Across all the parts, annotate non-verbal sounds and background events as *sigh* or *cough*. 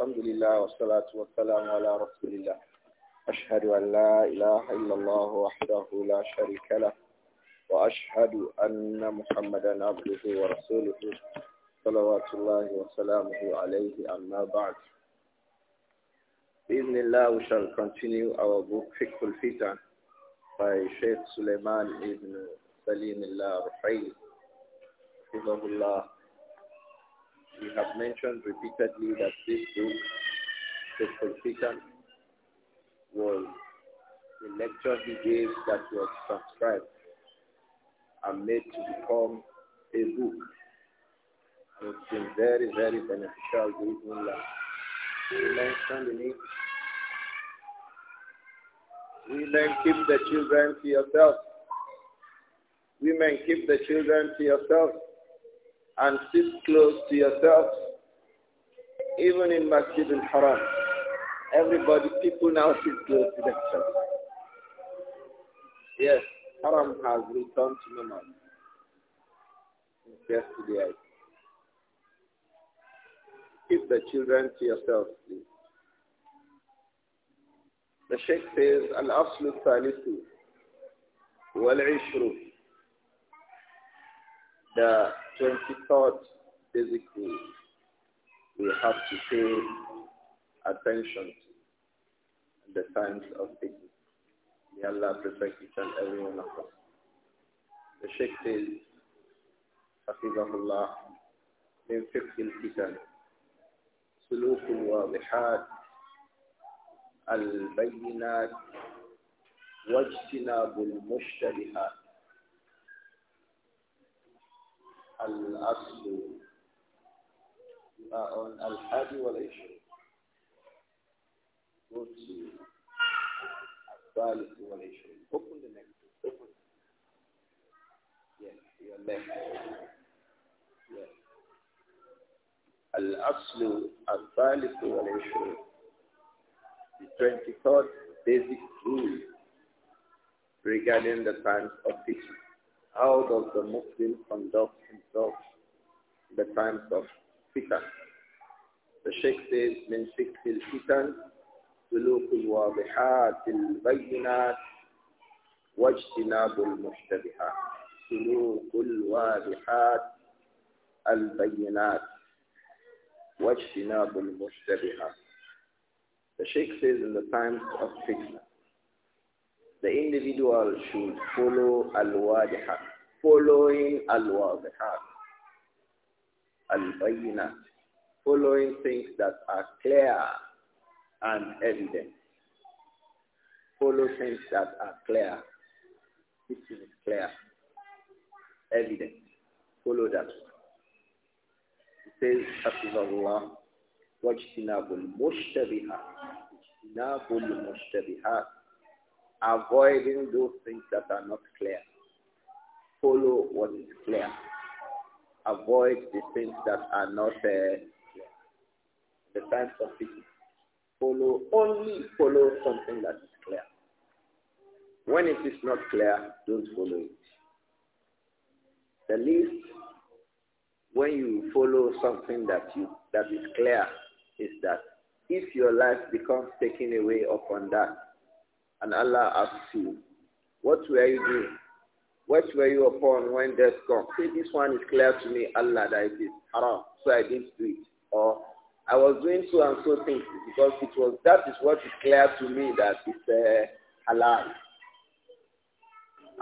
الحمد لله والصلاة والسلام على رسول الله أشهد أن لا إله إلا الله وحده لا شريك له وأشهد أن محمدا عبده ورسوله صلوات الله وسلامه عليه أما بعد بإذن الله we shall continue our book فقه الفتن by Sheikh Suleiman ibn Salim al-Rufayl حفظه الله We have mentioned repeatedly that this book, the Fitan, was a lecture he gave that was transcribed and made to become a book. it's been very, very beneficial to Ibnullah. We mentioned in it, Women, keep the children to yourself. Women, keep the children to yourself and sit close to yourself. Even in Masjid al-Haram, everybody, people now sit close to themselves. Yes, Haram has returned to normal yesterday. Keep the children to yourself, please. The Sheikh says, الأصل الثالث والعشر The 23rd Basically, we have to pay attention to the times of Islam. May Allah protect each and every one of us. The Sheikh says, حفظه الله من فقه الفتن سلوك الواضحات البينات واجتناب المشتبهات الأصل on الحادي والعشرون go to الثالث والعشرون open the next yes your left yes الأصل الثالث والعشرون the 23rd basic rule regarding the times of teaching how does the Muslim conduct himself in the times of fitan? The Sheikh says, من فكر الفتن سلوك الواضحات البينات واجتناب المشتبهات سلوك الواضحات البينات واجتناب المشتبهات The Sheikh says in the times of fitna, the individual should follow al-wadihat, following al-wazihat, al-bayinat, following things that are clear and evident. Follow things that are clear. This is clear, evident. Follow that. It says, Hafizahullah, wajtinabul mushtabihat, wajtinabul mushtabihat, avoiding those things that are not clear follow what is clear. Avoid the things that are not uh, The times of people follow only follow something that is clear. When it is not clear, don't follow it. The least when you follow something that you that is clear is that if your life becomes taken away upon that and Allah asks you, what were you doing? What were you upon when death comes? See, this one is clear to me, Allah, that it is haram, so I didn't do it. Or, I was doing so and so things because it was, that is what is clear to me that it's uh, halal.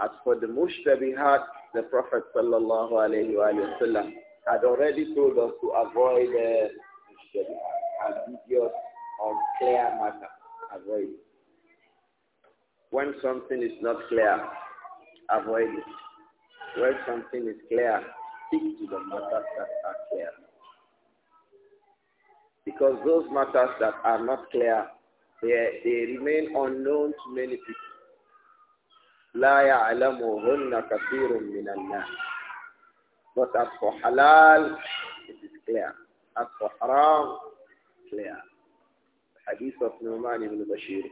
As for the mushtabihat, the Prophet sallallahu alayhi wa sallam had already told us to avoid uh, ambiguous, clear matter. Avoid. When something is not clear, avoid it. When something is clear, stick to the matters that are clear. Because those matters that are not clear, they, they remain unknown to many people. But as for halal, it is clear. As for haram, clear. The hadith of Numan ibn Bashir,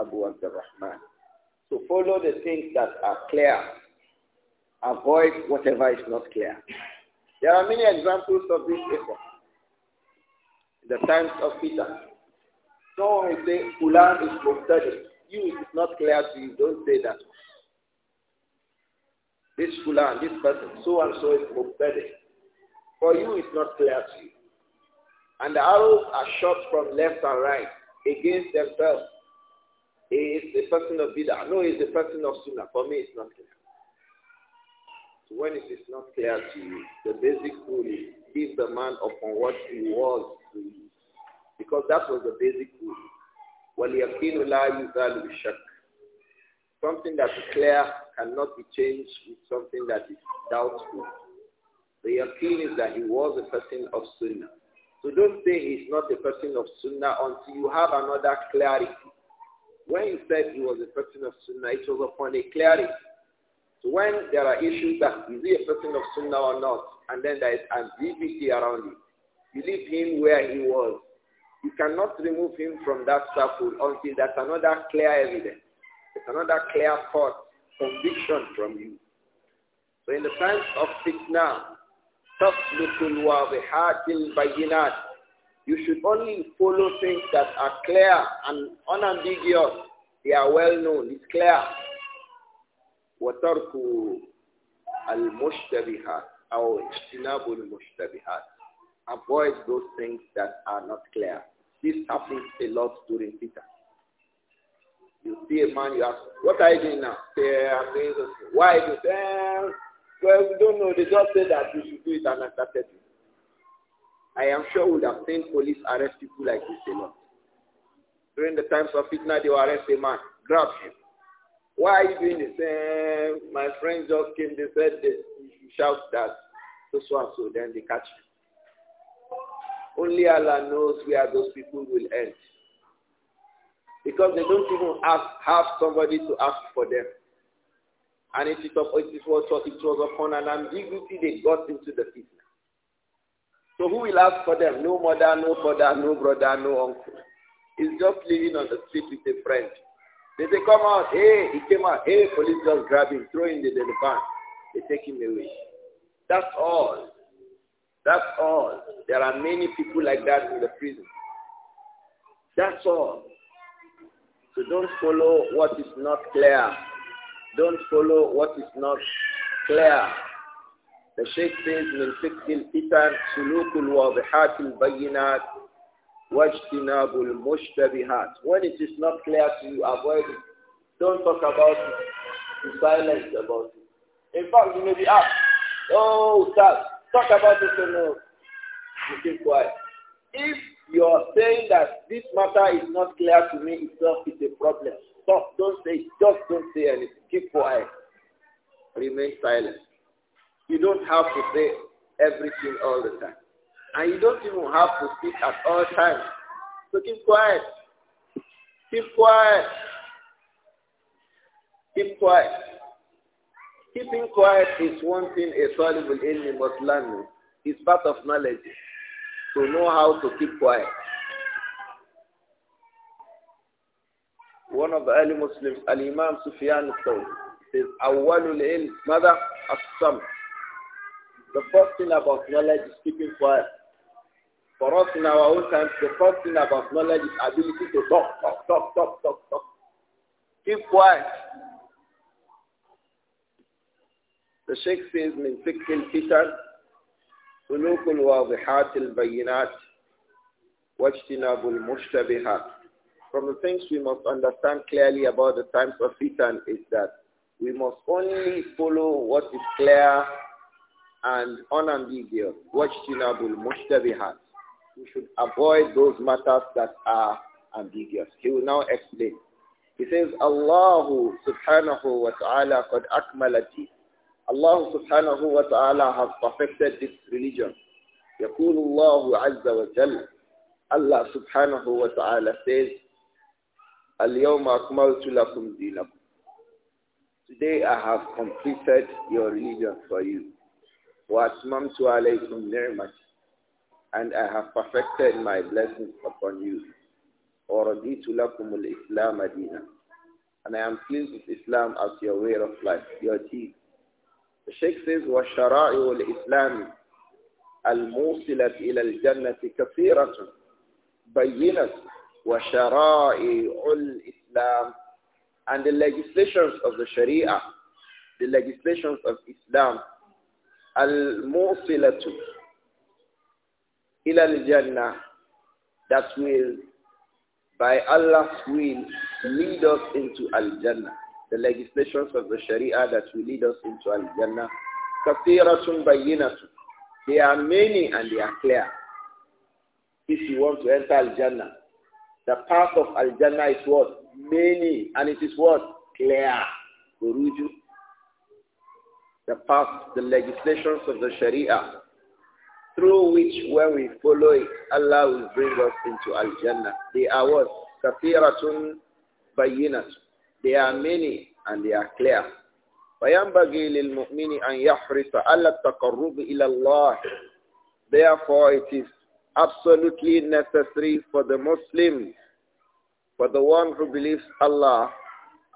Abu Abdurrahman. To follow the things that are clear. Avoid whatever is not clear. There are many examples of this effort. In the times of Peter. Someone will say, Fulan is Muqtadi. You, it's not clear to you. Don't say that. This Fulan, this person, so and so is Muqtadi. For you, it's not clear to you. And the arrows are shot from left and right against themselves. He is a person of bid'ah. No, he is a person of sunnah. For me, it's not clear. So when it is not clear to you, the basic rule is the man upon what he was to you. Because that was the basic rule. وَلْيَقِينُ لَا يُزَالُ بِشَكٍّ Something that is clear cannot be changed with something that is doubtful. The yaqeen is that he was a person of sunnah. So don't say he's not a person of sunnah until you have another clarity. When he said he was a person of Sunnah, it was upon a clearing. So when there are issues that is he a person of Sunnah or not, and then there is ambiguity around it, you leave him where he was. You cannot remove him from that circle until there's another clear evidence. There's another clear court conviction from you. So in the times of fitna, تَصْلُكُ الْوَاضِحَاتِ الْبَيِّنَاتِ you should only follow things that are clear and unambiguous. They are well known. It's clear. وَتَرْكُ الْمُشْتَبِهَاتِ أو اجتناب المشتبهات. Avoid those things that are not clear. This happens a lot during Peter. You see a man, you ask, what are you doing now? Say, I'm doing this. Why? Eh, well, we don't know. They just said that you should do it and I started I am sure would have seen police arrest people like this a lot. During the times of fitna, they will arrest a man, grab him. Why are you doing this? Uh, my friend just came, they said they shout that, so so and so, then they catch Only Allah knows where those people will end. Because they don't even ask, have somebody to ask for them. And it, is, it, was, it was upon an ambiguity they got into the people. So who will ask for them? No mother, no father, no brother, no uncle. He's just living on the street with a friend. They say, come out. Hey, he came out. Hey, police just grab him, throw him in the van. They take him away. That's all. That's all. There are many people like that in the prison. That's all. So don't follow what is not clear. Don't follow what is not clear. The Sheikh من فقه الفتن سلوك الواضحات البينات واجتناب المشتبهات. When it is not clear to you, avoid it. Don't talk about it. Be silent about it. In fact, you may be asked, oh, Ustaz, talk about this or no. You keep quiet. If you are saying that this matter is not clear to me itself is a problem, stop. Don't say Just don't say anything. Keep quiet. Remain silent. You don't have to say everything all the time. And you don't even have to speak at all times. So keep quiet. Keep quiet. Keep quiet. Keeping quiet is one thing a soluble enemy must learn. It's part of knowledge. To know how to keep quiet. One of the early Muslims, Al-Imam Sufyan al-Thawri, says, أول العلم ماذا؟ الصمت the first thing about knowledge is keeping quiet. For us in our own times, the first thing about knowledge is ability to talk, talk, talk, talk, talk, talk. Keep quiet. The Sheikh says, من فك الفتن سلوك الواضحات البينات واجتناب المشتبهات. From the things we must understand clearly about the times of fitan is that we must only follow what is clear and unambiguous. Wajtinabul mushtabihat. We should avoid those matters that are ambiguous. He will now explain. He says, Allah subhanahu wa ta'ala qad akmalati. Allah subhanahu wa ta'ala has perfected this religion. يقول الله عز وجل Allah subhanahu wa ta'ala says, اليوم أكملت لكم دينكم. Today I have completed your religion for you. وَأَتْمَمْتُ عَلَيْكُمْ And I have perfected my blessings upon you. وَرَضِيتُ لَكُمُ الْإِسْلَامَ دِينًا And I am pleased with Islam as your way of life, your deed. The Sheikh says, وَشَرَائِعُ الْإِسْلَامِ الموصلة إلى الجنة كثيرة بينة وشرائع الإسلام and the legislations of the Sharia, the legislations of Islam al-musilatu ila al-jannah that will by Allah's will lead us into al-jannah the legislations of the sharia that will lead us into al-jannah kathiratun bayyinatu. they are many and they are clear if you want to enter al-jannah the path of al-jannah is what many and it is what clear the past, the legislations of the Sharia, through which when we follow it, Allah will bring us into Al-Jannah. They are what? Kathiratun bayinatun. They are many and they are clear. فينبغي للمؤمن أن يحرص إلى الله. Therefore, it is absolutely necessary for the Muslim, for the one who believes Allah,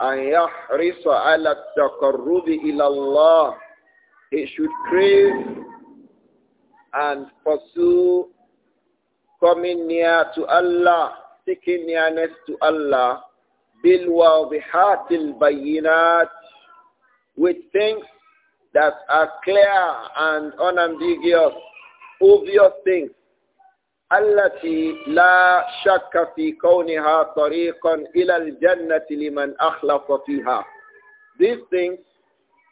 أن يحرص على التقرب إلى الله He should crave and pursue coming near to Allah, seeking nearness to Allah, بالواضحات البينات with things that are clear and unambiguous, obvious things. التي لا شك في كونها طريقا إلى الجنة لمن أخلص فيها. These things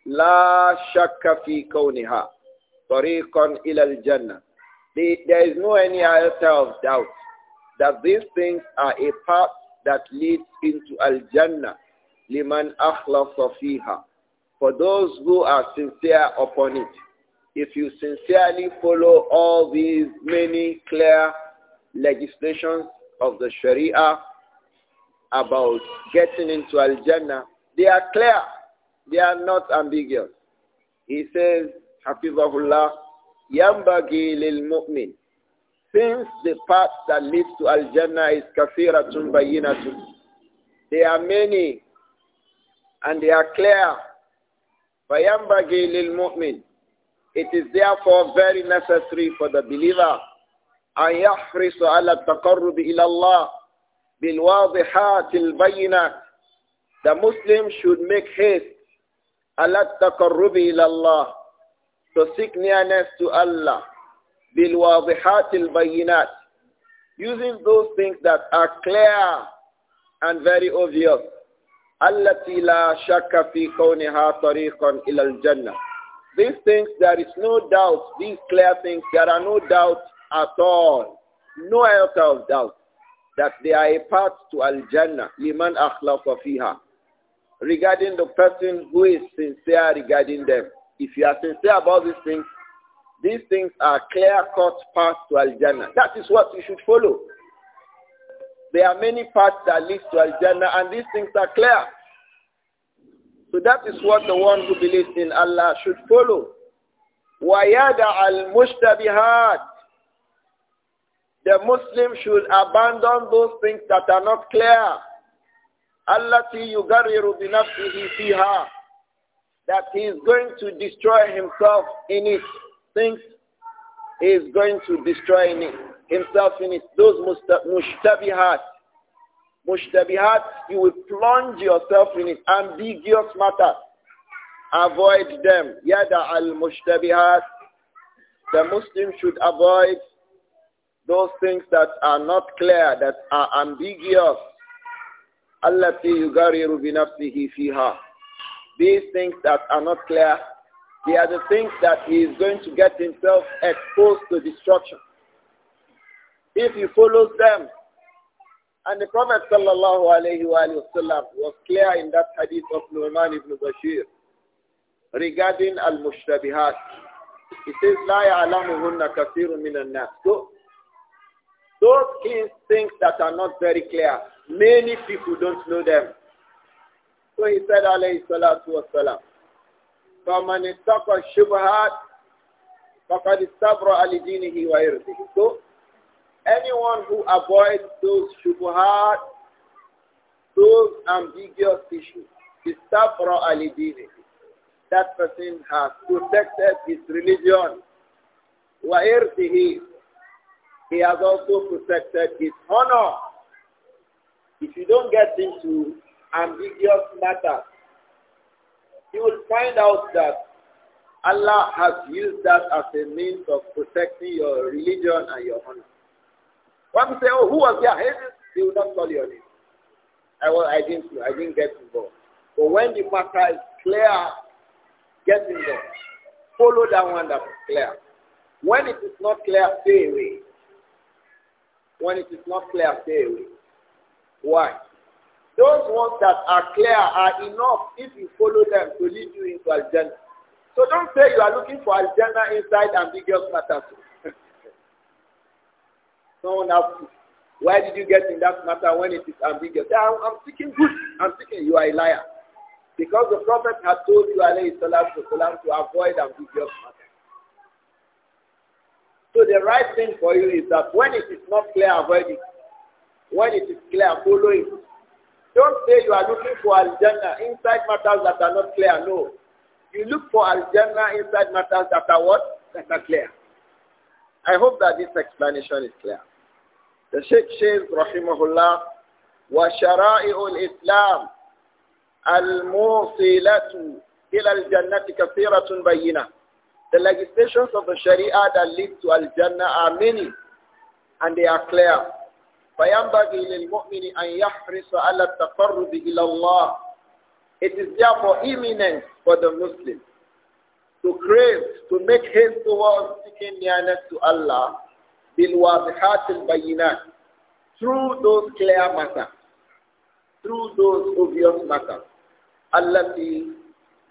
لا شك في كونها طريقا إلى الجنة. There is no any iota of doubt that these things are a path that leads into al-jannah liman akhlasa fiha for those who are sincere upon it if you sincerely follow all these many clear legislations of the Sharia about getting into Al-Jannah, they are clear. They are not ambiguous. He says, Hafizahullah, Yambagi lil mu'min. Since the path that leads to Al-Jannah is kafiratun bayinatun, they are many and they are clear. Fayambagi lil mu'min. It is therefore very necessary for the believer أن يحرص على التقرب إلى الله بالواضحات البينات The Muslim should make haste على التقرب إلى الله to seek nearness to Allah بالواضحات البينات using those things that are clear and very obvious التي لا شك في كونها طريقا إلى الجنة these things, there is no doubt. These clear things, there are no doubts at all. No iota of doubt that they are a path to Al-Jannah, liman akhlaqa fiha. Regarding the person who is sincere regarding them. If you are sincere about these things, these things are clear-cut paths to Al-Jannah. That is what you should follow. There are many paths that lead to Al-Jannah and these things are clear. So that is what the one who believes in Allah should follow. al الْمُشْتَبِهَاتِ The Muslim should abandon those things that are not clear. الَّتِي يُغَرِّرُ بِنَفْسِهِ فِيهَا That he is going to destroy himself in it. Things he is going to destroy in it, himself in it. Those mushtabihat. Mushtabihat, you will plunge yourself in it. Ambiguous matter. Avoid them. Yada al-mushtabihat. The Muslim should avoid those things that are not clear, that are ambiguous. Allati yugari binafsihi fiha. These things that are not clear, they are the things that he is going to get himself exposed to destruction. If he follows them, and the Prophet sallallahu alayhi wa was clear in that hadith of Nu'man ibn Bashir regarding al-mushtabihat. He says, لا يعلمهن كثير من الناس. So, those things, things that are not very clear, many people don't know them. So he said, alayhi salatu wasalam, فَمَنِ اتَّقَى الشُّبْهَاتِ فَقَدِ وَإِرْضِهِ So, Anyone who avoids those shubuhat, those ambiguous issues, istabra alidini, that person has protected his religion. Wa irtihi, he has also protected his honor. If you don't get into ambiguous matters, you will find out that Allah has used that as a means of protecting your religion and your honor. One say, oh, who was there? They will not call your name. I, well, I didn't know. I didn't get involved. But when the matter is clear, get involved. Follow that one that is clear. When it is not clear, stay away. When it is not clear, stay away. Why? Those ones that are clear are enough if you follow them to lead you into al So don't say you are looking for al inside ambiguous matters. Someone asks you, why did you get in that matter when it is ambiguous? Say, I'm, I'm speaking good. I'm speaking, you are a liar. Because the Prophet had told you, alayhi salatu wasalam, to avoid ambiguous matters. So the right thing for you is that when it is not clear, avoid it. When it is clear, follow it. Don't say you are looking for al-jannah inside matters that are not clear. No. You look for al-jannah inside matters that are what? That are clear. I hope that this explanation is clear. The Sheikh says, rahimahullah, وشرائع الإسلام الموصلة إلى الجنة كثيرة بينة. The legislations of the Sharia that lead to Al-Jannah are many and they are clear. فينبغي للمؤمن أن يحرص على التقرب إلى الله. It is therefore imminent for the Muslim to crave, to make haste towards seeking nearness to Allah بالواضحات البينات through those clear matters, through those obvious matters, التي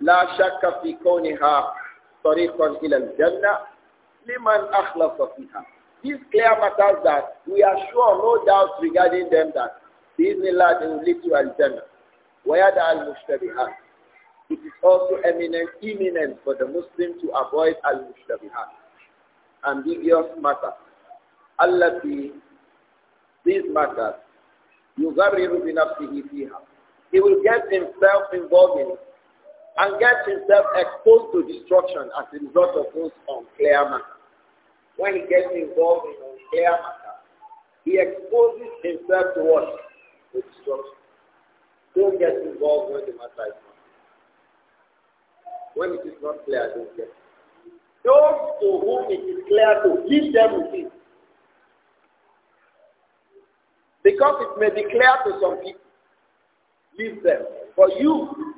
لا شك في كونها طريقا إلى الجنة لمن أخلص فيها. These clear matters that we are sure, no doubt regarding them that بإذن الله they will lead to الجنة ويدع المشتبهات. It is also eminent, imminent for the Muslim to avoid al-mushtabihat, ambiguous matters. التي these matters يغرر بنفسه فيها he will get himself involved in it and get himself exposed to destruction as a result of those unclear matters. When he gets involved in unclear matters, he exposes himself to what? To destruction. Don't get involved when the matter is not When it is not clear, don't get Those to whom it is clear to, leave them with Because it may be clear to some people, leave them. For you,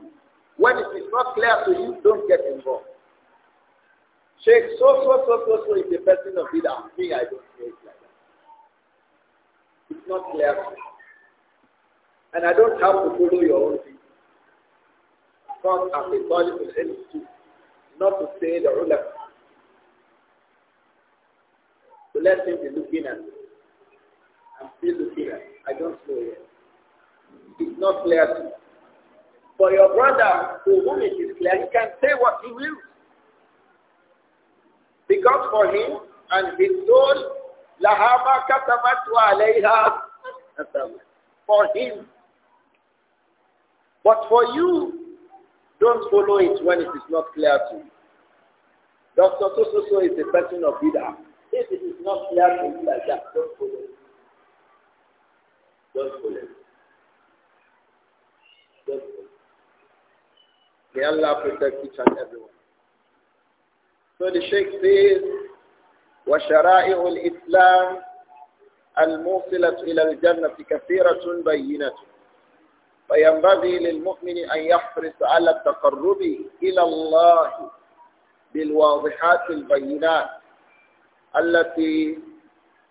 when it is not clear to you, don't get involved. Sheikh, so, so, so, so, so is the person of leader. Me, I don't know it like that. It's not clear to me. And I don't have to follow your own thing. Because I'm a solid in not to say the ruler. So let him be looking at me. I'm still looking I don't know yet. It's not clear to me. For your brother, to whom it is clear, he can say what he will. Because for him and his soul, lahama katamat wa alayha For him. But for you, don't follow it when it is not clear to you. Dr. So, so, so is a person of leader. If it is not clear to you like that, don't follow it. يدخل يدخل May Allah protect each and everyone. So the Sheikh says, وشرائع الإسلام الموصلة إلى الجنة كثيرة بينة فينبغي للمؤمن أن يحرص على التقرب إلى الله بالواضحات البينات التي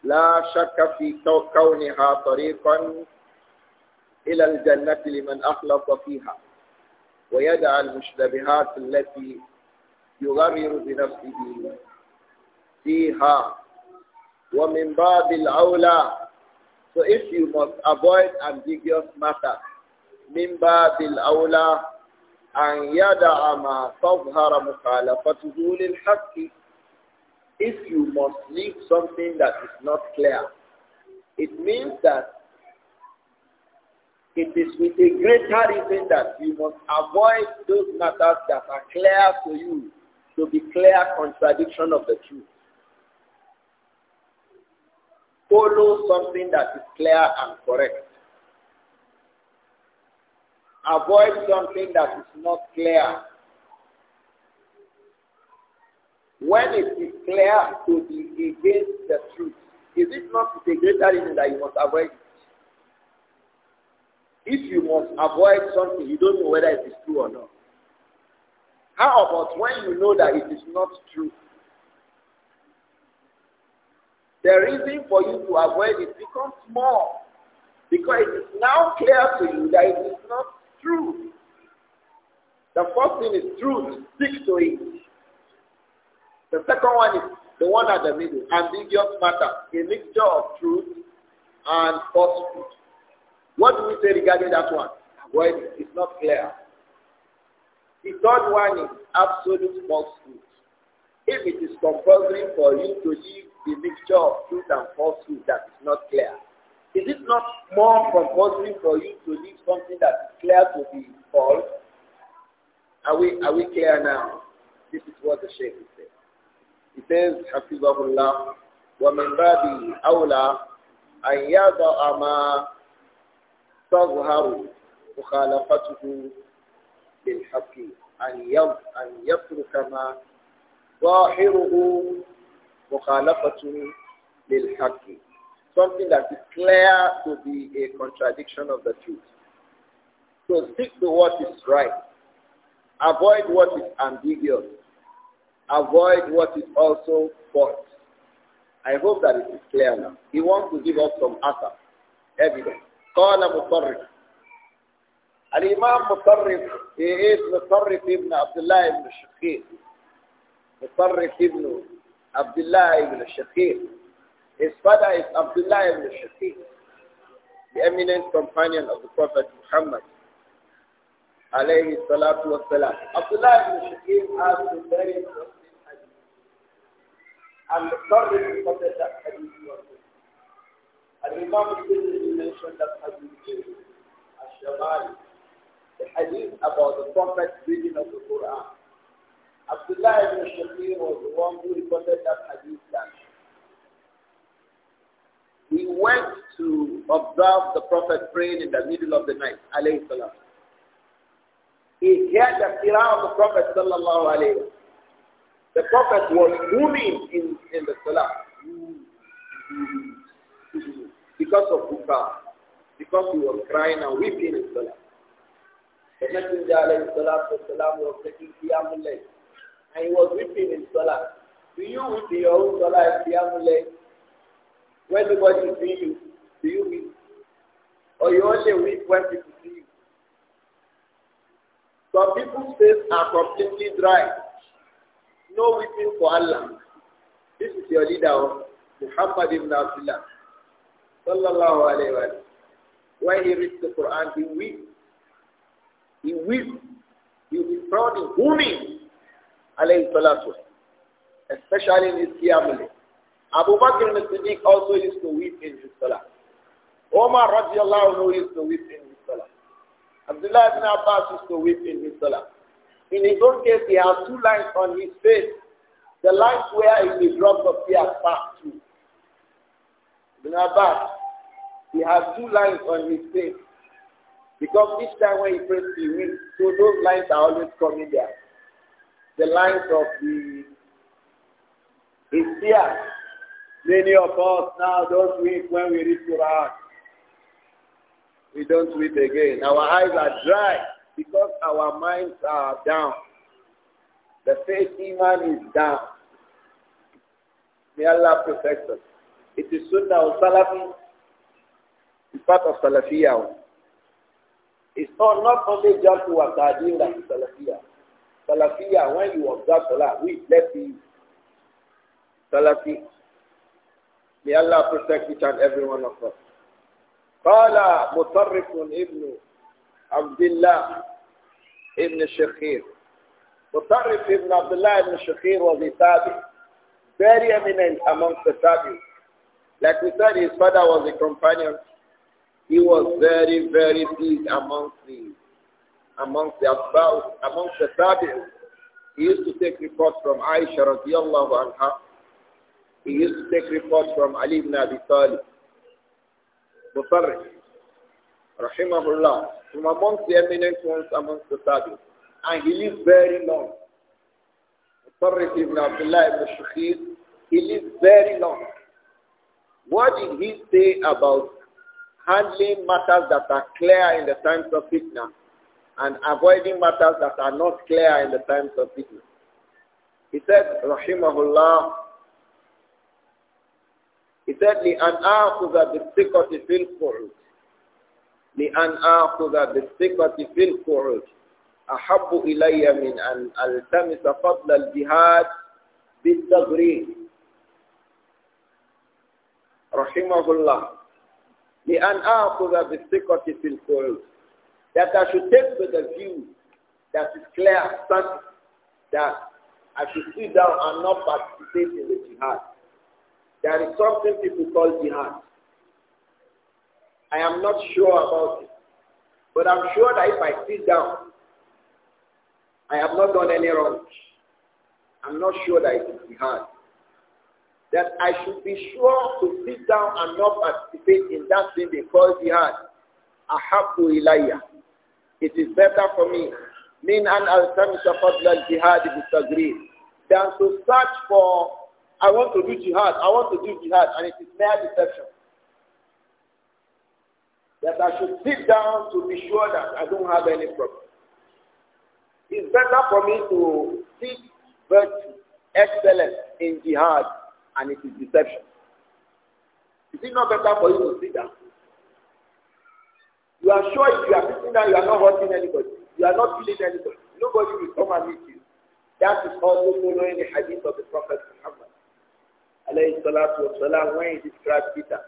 لا شك في كونها طريقا إلى الجنة لمن أخلص فيها ويدعى المشتبهات التي يغرر بنفسه فيها ومن باب الأولى So if you must avoid ambiguous matters, من باب الأولى أن يدع ما تظهر مخالفته للحق if you must leave something that is not clear, it means that it is with a greater reason that you must avoid those matters that are clear to you to be clear contradiction of the truth. Follow something that is clear and correct. Avoid something that is not clear when it is clear to be against the truth, is it not a greater reason that you must avoid it? If you must avoid something, you don't know whether it is true or not. How about when you know that it is not true? The reason for you to avoid it becomes more because it is now clear to you that it is not true. The first thing is truth. Stick to it. The second one is the one at the middle, ambiguous matter, a mixture of truth and falsehood. What do we say regarding that one? Avoid well, It's not clear. The third one is absolute falsehood. If it is compulsory for you to leave the mixture of truth and falsehood that is not clear, is it not more compulsory for you to leave something that is clear to be false? Are we, are we clear now? This is what the Sheikh is saying. He says, Hafizahullah, وَمِنْ بَابِ أَوْلَى أَنْ يَضَعَ مَا تَظْهَرُ مُخَالَفَتُهُ بِالْحَقِّ أَنْ يَتْرُكَ مَا ظَاهِرُهُ مُخَالَفَةٌ لِلْحَقِّ Something that is clear to be a contradiction of the truth. So stick to what is right. Avoid what is ambiguous avoid what is also bought. I hope that it is clear now. He wants to give us some answer, evidence. قال مطرف الإمام مطرف he is مطرف ابن عبد الله shakir الشقيق مطرف ابن عبد الله his father is Abdullah ibn Shafiq the eminent companion of the Prophet Muhammad alayhi salatu wasalam Abdullah ibn Shafiq has been. very and the reported that hadith was And Imam the mentioned that hadith been Ash-Shamari. The hadith about the prophet reading of the Quran. Abdullah ibn Shakir was the one who reported that hadith that he went to observe the prophet praying in the middle of the night, alayhi salam. He heard the qira'ah of the prophet sallallahu alayhi the Prophet was moving in, in the Salah because of Bukhar, because he was crying and weeping in Salah. The Messenger alayhi salatu wasalam was taking Qiyamul and he was weeping in Salah. Do you weep in your own Salah in Qiyamul Layl? When nobody see you, do you weep? Or you only weep when people see you? Some people's faces are completely dry. No weeping for Allah. This is your leader, oh, Muhammad ibn Abdullah. Sallallahu alayhi wa When he reads the Quran, he weeps. He weeps. He will be proud in whoming, alayhi salatu Especially in his family. Abu Bakr al-Siddiq also used to weep in his salah. Omar radiallahu anhu used to weep in his salah. Abdullah ibn Abbas used to weep in his salah. In his own case, he has two lines on his face. The lines where he the drop of tears back to. Ibn Abbas, he has two lines on his face. Because each time when he prays, he will. So those lines are always coming there. The lines of the his tears. Many of us now don't weep when we read Quran. We don't weep again. Our eyes are dry. because our minds are down. The faith iman is down. May Allah protect us. It is Sunnah or Salafi. It's part of Salafiyah. It's not, not only just to Akadim that is Salafiyah. Salafiyah, when you observe Salah, we let the Salafi. May Allah protect each and every one of us. قال مطرف ابن Abdullah ibn Shakhir. Mutarrif ibn Abdullah ibn Shakhir was a tabi, very eminent amongst the tabi. Like we said, his father was a companion. He was very, very big amongst the amongst the Asbab, amongst the tabi. He used to take reports from Aisha radiallahu anha. He used to take reports from Ali ibn Abi Talib. Mutarrif rahimahullah, from amongst the eminent ones amongst the Tabi. And he lived very long. Mutarrif ibn Abdullah ibn Shukhir, he lived very long. What did he say about handling matters that are clear in the times of fitna and avoiding matters that are not clear in the times of fitna? He said, rahimahullah, he said, لأن آخذ بالثقة في القعود لأن آخذ بالثقة في القعود أحب إلي من أن ألتمس فضل الجهاد بالتغريب رحمه الله لأن آخذ بالثقة في القعود that I should take with the view that is clear certain that I should sit down and not participate in the jihad. There is something people call jihad. I am not sure about it. But I'm sure that if I sit down, I have not done any wrong. I'm not sure that it will be hard. That I should be sure to sit down and not participate in that thing because they I have to ilayya. It is better for me. Min an al-samisa fadla jihad disagree. Than to search for, I want to do jihad, I want to do jihad, and it is mere deception that I should sit down to be sure that I don't have any problem. It's better for me to seek virtue, excellence in jihad, and it is deception. Is it not better for you to sit down? You are sure if you are sitting down, you are not hurting anybody. You are not killing anybody. Nobody will come and meet you. That is also following the hadith of the Prophet Muhammad. Alayhi salatu wasalam, when he described Peter.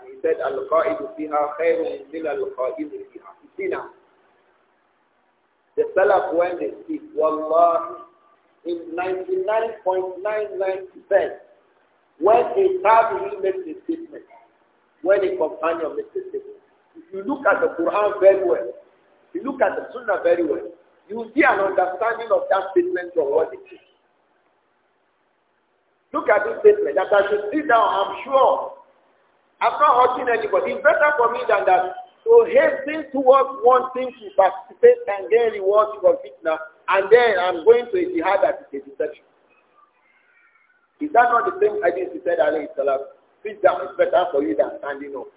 And he said, Al-Qa'idu fiha khairun min al-Qa'idu fiha. You see now, the Salaf when they speak, Wallah, in 99.99%, when a Tabi'i makes a statement, when a companion makes a statement, if you look at the Quran very well, if you look at the Sunnah very well, you see an understanding of that statement from what it is. Look at this statement that I should sit down, I'm sure I'm not hurting anybody. It's better for me than that. So hasten towards one thing to participate and gain rewards for fitna, and then I'm going to a jihad that is a deception. Is that not the same idea he said earlier? salam? Sit down is better for you than standing up.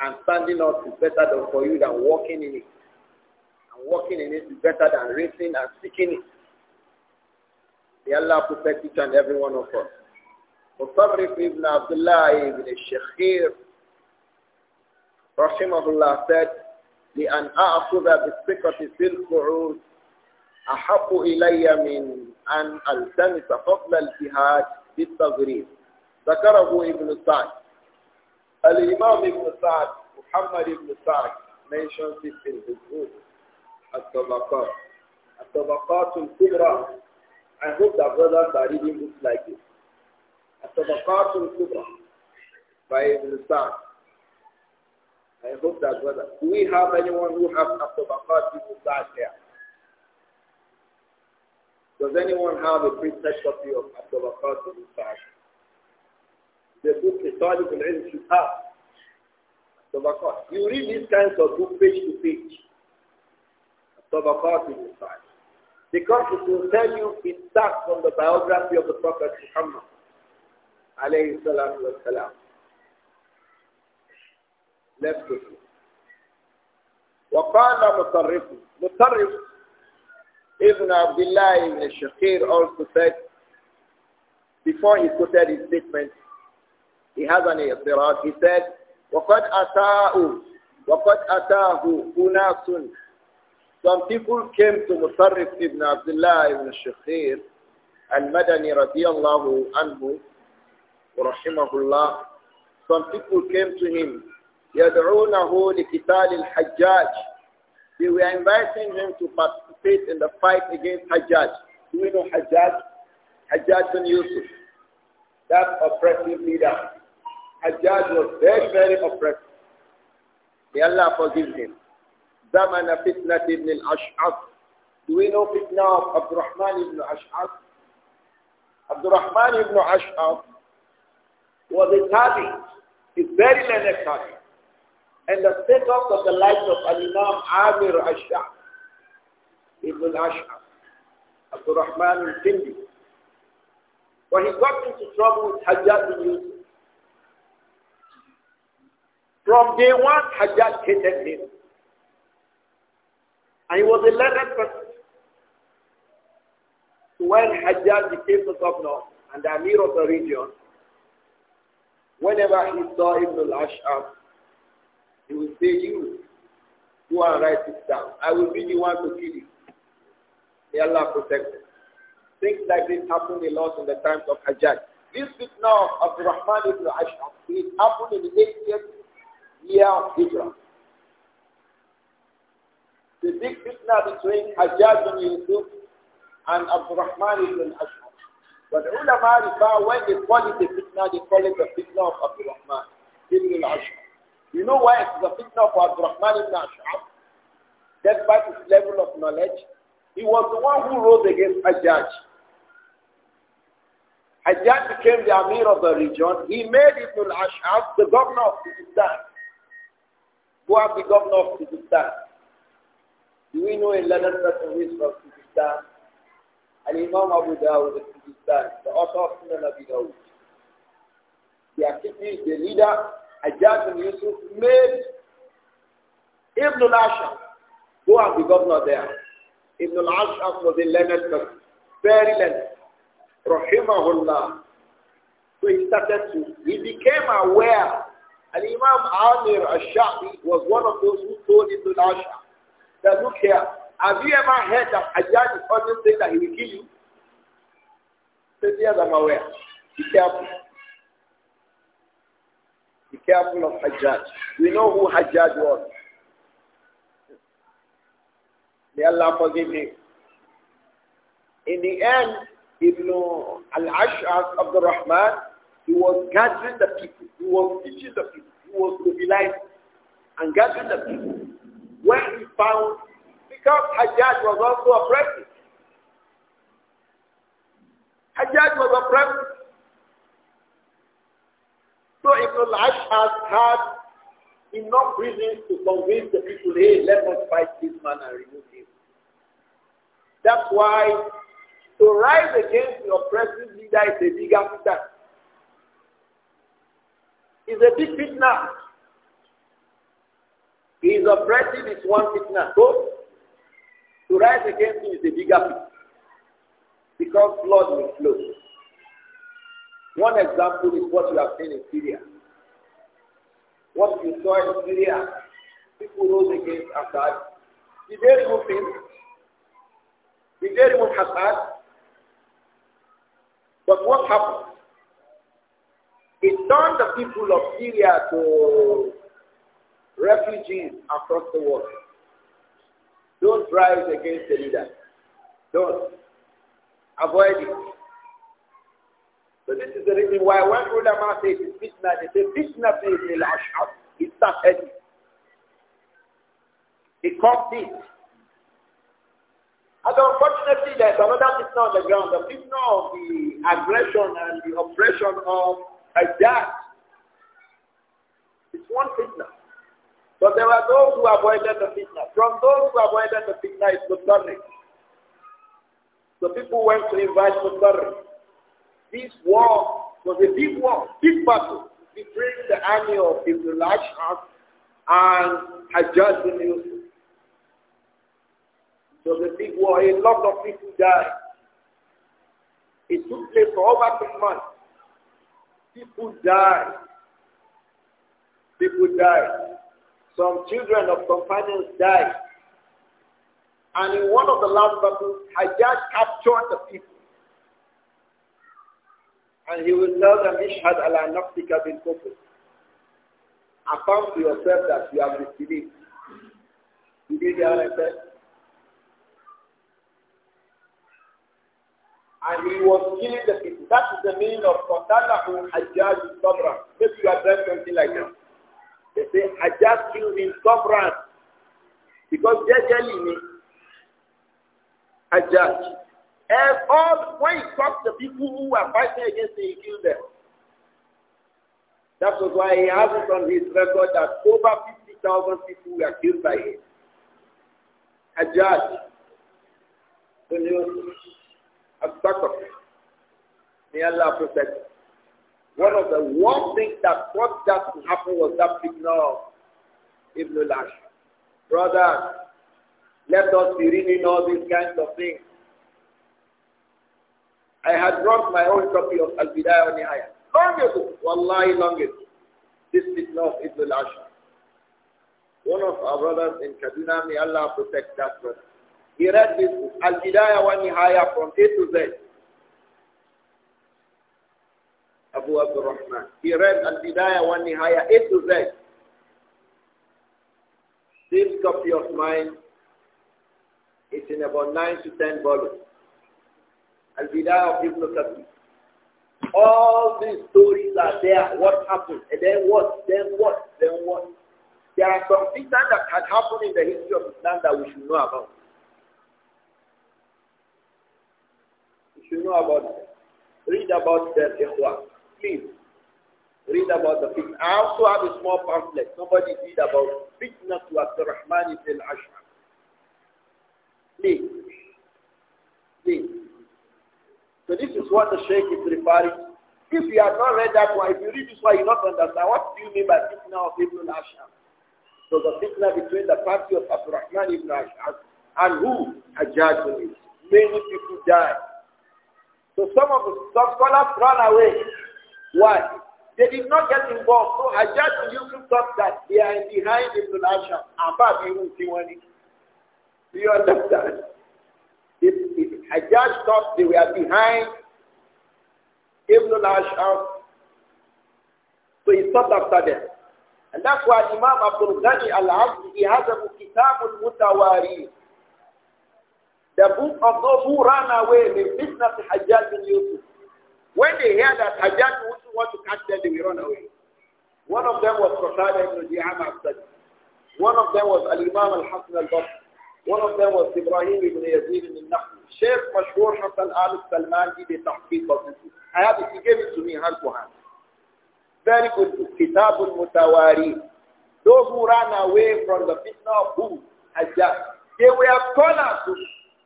And standing up is better than for you than walking in it. And walking in it is better than racing and seeking it. May Allah protect each and every one of us. مصرف الله بن الشخير رحمه الله said لأن أأخذ بالثقة في القعود أحق إلي من أن ألتمس فضل الجهاد بالتغريب ذكره ابن سعد الإمام ابن سعد محمد ابن سعد mentions it in his book الطبقات الطبقات الكبرى I hope that brothers are reading books like this الطبقات الكبرى by Ibn sa I hope that brother. Do we have anyone who has a Tabaqat Ibn Sa'd here? Does anyone have a printed copy of a Tabaqat Ibn sa The book is Talib al-Ilm should have. Tabaqat. You read these kinds of books page to page. Tabaqat Ibn Sa'd. Because it will tell you it starts from the biography of the Prophet Muhammad عليه الصلاة والسلام نفسه وقال مطرف مطرف ابن عبد الله ibn الشقير also said before he put his statement he has an اعتراض he said وقد أتاه وقد أتاه أناس some people came to مطرف ibn عبد ibn بن al-Madani رضي الله عنه rahimahullah, some people came to him, يَدْعُونَهُ لِكِتَالِ الْحَجَّاجِ They were inviting him to participate in the fight against Hajjaj. Do we know Hajjaj? Hajjaj bin Yusuf, that oppressive leader. Hajjaj was very, very oppressive. May Allah forgive him. زمن فتنة ابن الأشعث Do we know fitna of Abdurrahman ibn Ash'af? Abdurrahman ibn Ash'af was a tabi, a very learned tabi. And the setup of the life of Al-Imam Amir Ash'ab, Ibn Ash'ab, Abdul Rahman al-Kindi. But he got into trouble with Hajjaj bin Yusuf. From day one, Hajjaj hated him. And he was a learned person. So when Hajjaj became the governor and the Amir of the region, Whenever he saw Ibn al-Ash'ab, he would say, you, go and write this down. I will be the one to kill you. May Allah protect us. Things like this happened a lot in the times of Hajjaj. This fitna of Rahman ibn Ash'ab, it happened in the 80th year of Hijrah. The big fitna between Hajjaj and Yusuf and Rahman ibn Ash'ab. But ulama refer when they call it now they call it the fitna of Abdul Rahman ibn al-Ash'ab. You know why it's the fitna of Abdul Rahman ibn al-Ash'ab? Despite his level of knowledge, he was the one who rose against Hajjaj. Hajjaj became the Amir of the region. He made Ibn al-Ash'ab the governor of Sudan. Who are the governor of Sudan? Do we know a learned person who is from Sudan? And Imam Abu Dawud of Sudan. the author of Sunan Abu Dawud. The activity, the leader, Ajaz bin Yusuf, made Ibn al Ashraf, who and be governor there. Ibn al Ashraf was a learned person, very learned. Rahimahullah. So he started to, he became aware. And Imam Amir al-Shafi was one of those who told Ibn al Ashraf that look here, have you ever heard that Ajaz is always saying that he will kill you? He said, yes, I'm aware. Be careful. Be careful of Hajjaj. We know who Hajjaj was. May Allah forgive him. In the end, Ibn al-Ash'ar, the Rahman, he was gathering the people. He was teaching the people. He was mobilizing and gathering the people. When he found, because Hajjaj was also a prophet. Hajjaj was a prophet. So Ibn al-Ash has had enough reasons to convince the people, hey, let us fight this man and remove him. That's why to rise against the oppressive leader is a big fitna. It's a big fitna. He is oppressive is one fitna. So to rise against him is a bigger fitna. Because blood will flow. One example is what you have seen in Syria. What you saw in Syria, people rose against Assad. Did they remove him? Did they remove Assad? But what happened? It turned the people of Syria to refugees across the world. Don't rise against the leader. Don't. Avoid it. So this is the reason why when ulama say it's fitna, they say fitna fi the al-ash'ab, it starts early. It comes deep. And unfortunately, there's another fitna on the ground, the fitna of the aggression and the oppression of a dad. It's one fitna. But there are those who avoided the fitna. From those who avoided the fitna is Mutarrik. The people went to invite Mutarrik. This war was a big war, big battle between the army of Ibn and Hajjaj bin Yusuf. It was a big war. A lot of people died. It took place for over three months. People died. People died. Some children of companions died. And in one of the last battles, Hajjaj captured the people. And he will tell them, a ala nafsika bin kufr. Affirm to yourself that you have received. You did the answer. And he was killing the people. That is the meaning of Qatalahu Hajjaj Sabra. Maybe you have read something like that. They say Hajjaj killed in Sabra. Because they're telling me, Hajjaj, and all, when he talked to people who were fighting against him, he killed them. That was why he has it on his record that over 50,000 people were killed by him. A judge, the new a sacrifice. May Allah protect One of the worst things that caused that to happen was that signal of Ibn Lash. Brothers, let us be reading all these kinds of things. I had brought my own copy of Al-Bidayah wa Nihaya. Long ago, wallahi long ago. This is not Ibn al-Ashar. One of our brothers in Kaduna, may Allah protect that brother. He read this book, Al-Bidayah wa Nihaya from A to Z. Abu Abdul Rahman. He read Al-Bidayah wa Nihaya A to Z. This copy of mine is in about 9 to 10 volumes. Al-Bidayah of Ibn Kathir. All these stories are there. What happened? And then what? Then what? Then what? There are some things that had happened in the history of Islam that we should know about. We should know about them. Read about them, Ikhwan. Please. Read about the fitna. I also have a small pamphlet. Somebody read about fitna to Abdurrahman ibn al Please. So this is what the Sheikh is referring If you have not read that one, if you read this one, you not understand. What do you mean by fitna of Ibn Ash'ab? So the fitna between the party of Rahman Ibn Ash'ab and who? Hajjaj is. Many people died. So some of the some scholars ran away. Why? They did not get involved. So Hajjaj Yusuf thought that they are behind Ibn Ash'ab. Abab Ibn Tiwani. Do you understand? just thought they were behind Ibn al-Ash'ar. So he stopped after them. And that's why Imam Abdul Ghani al-Abdi, he has a Kitab al-Mutawari. The book of those who ran away with Fitnat Hajjaj bin Yusuf. When they hear that Hajjaj bin Yusuf wants to catch them, they ran run away. One of them was Qatada ibn Di'am al One of them was Al-Imam al-Hasan al-Basri. One of them was Ibrahim ibn Yazid ibn Nahdi. Sheikh Mashhur Hassan al Salman did a tahqiq of this. I have it, he gave it to me hand to hand. Very good. Kitab al-Mutawari. Those who ran away from the fitna of who? Ajah. They were out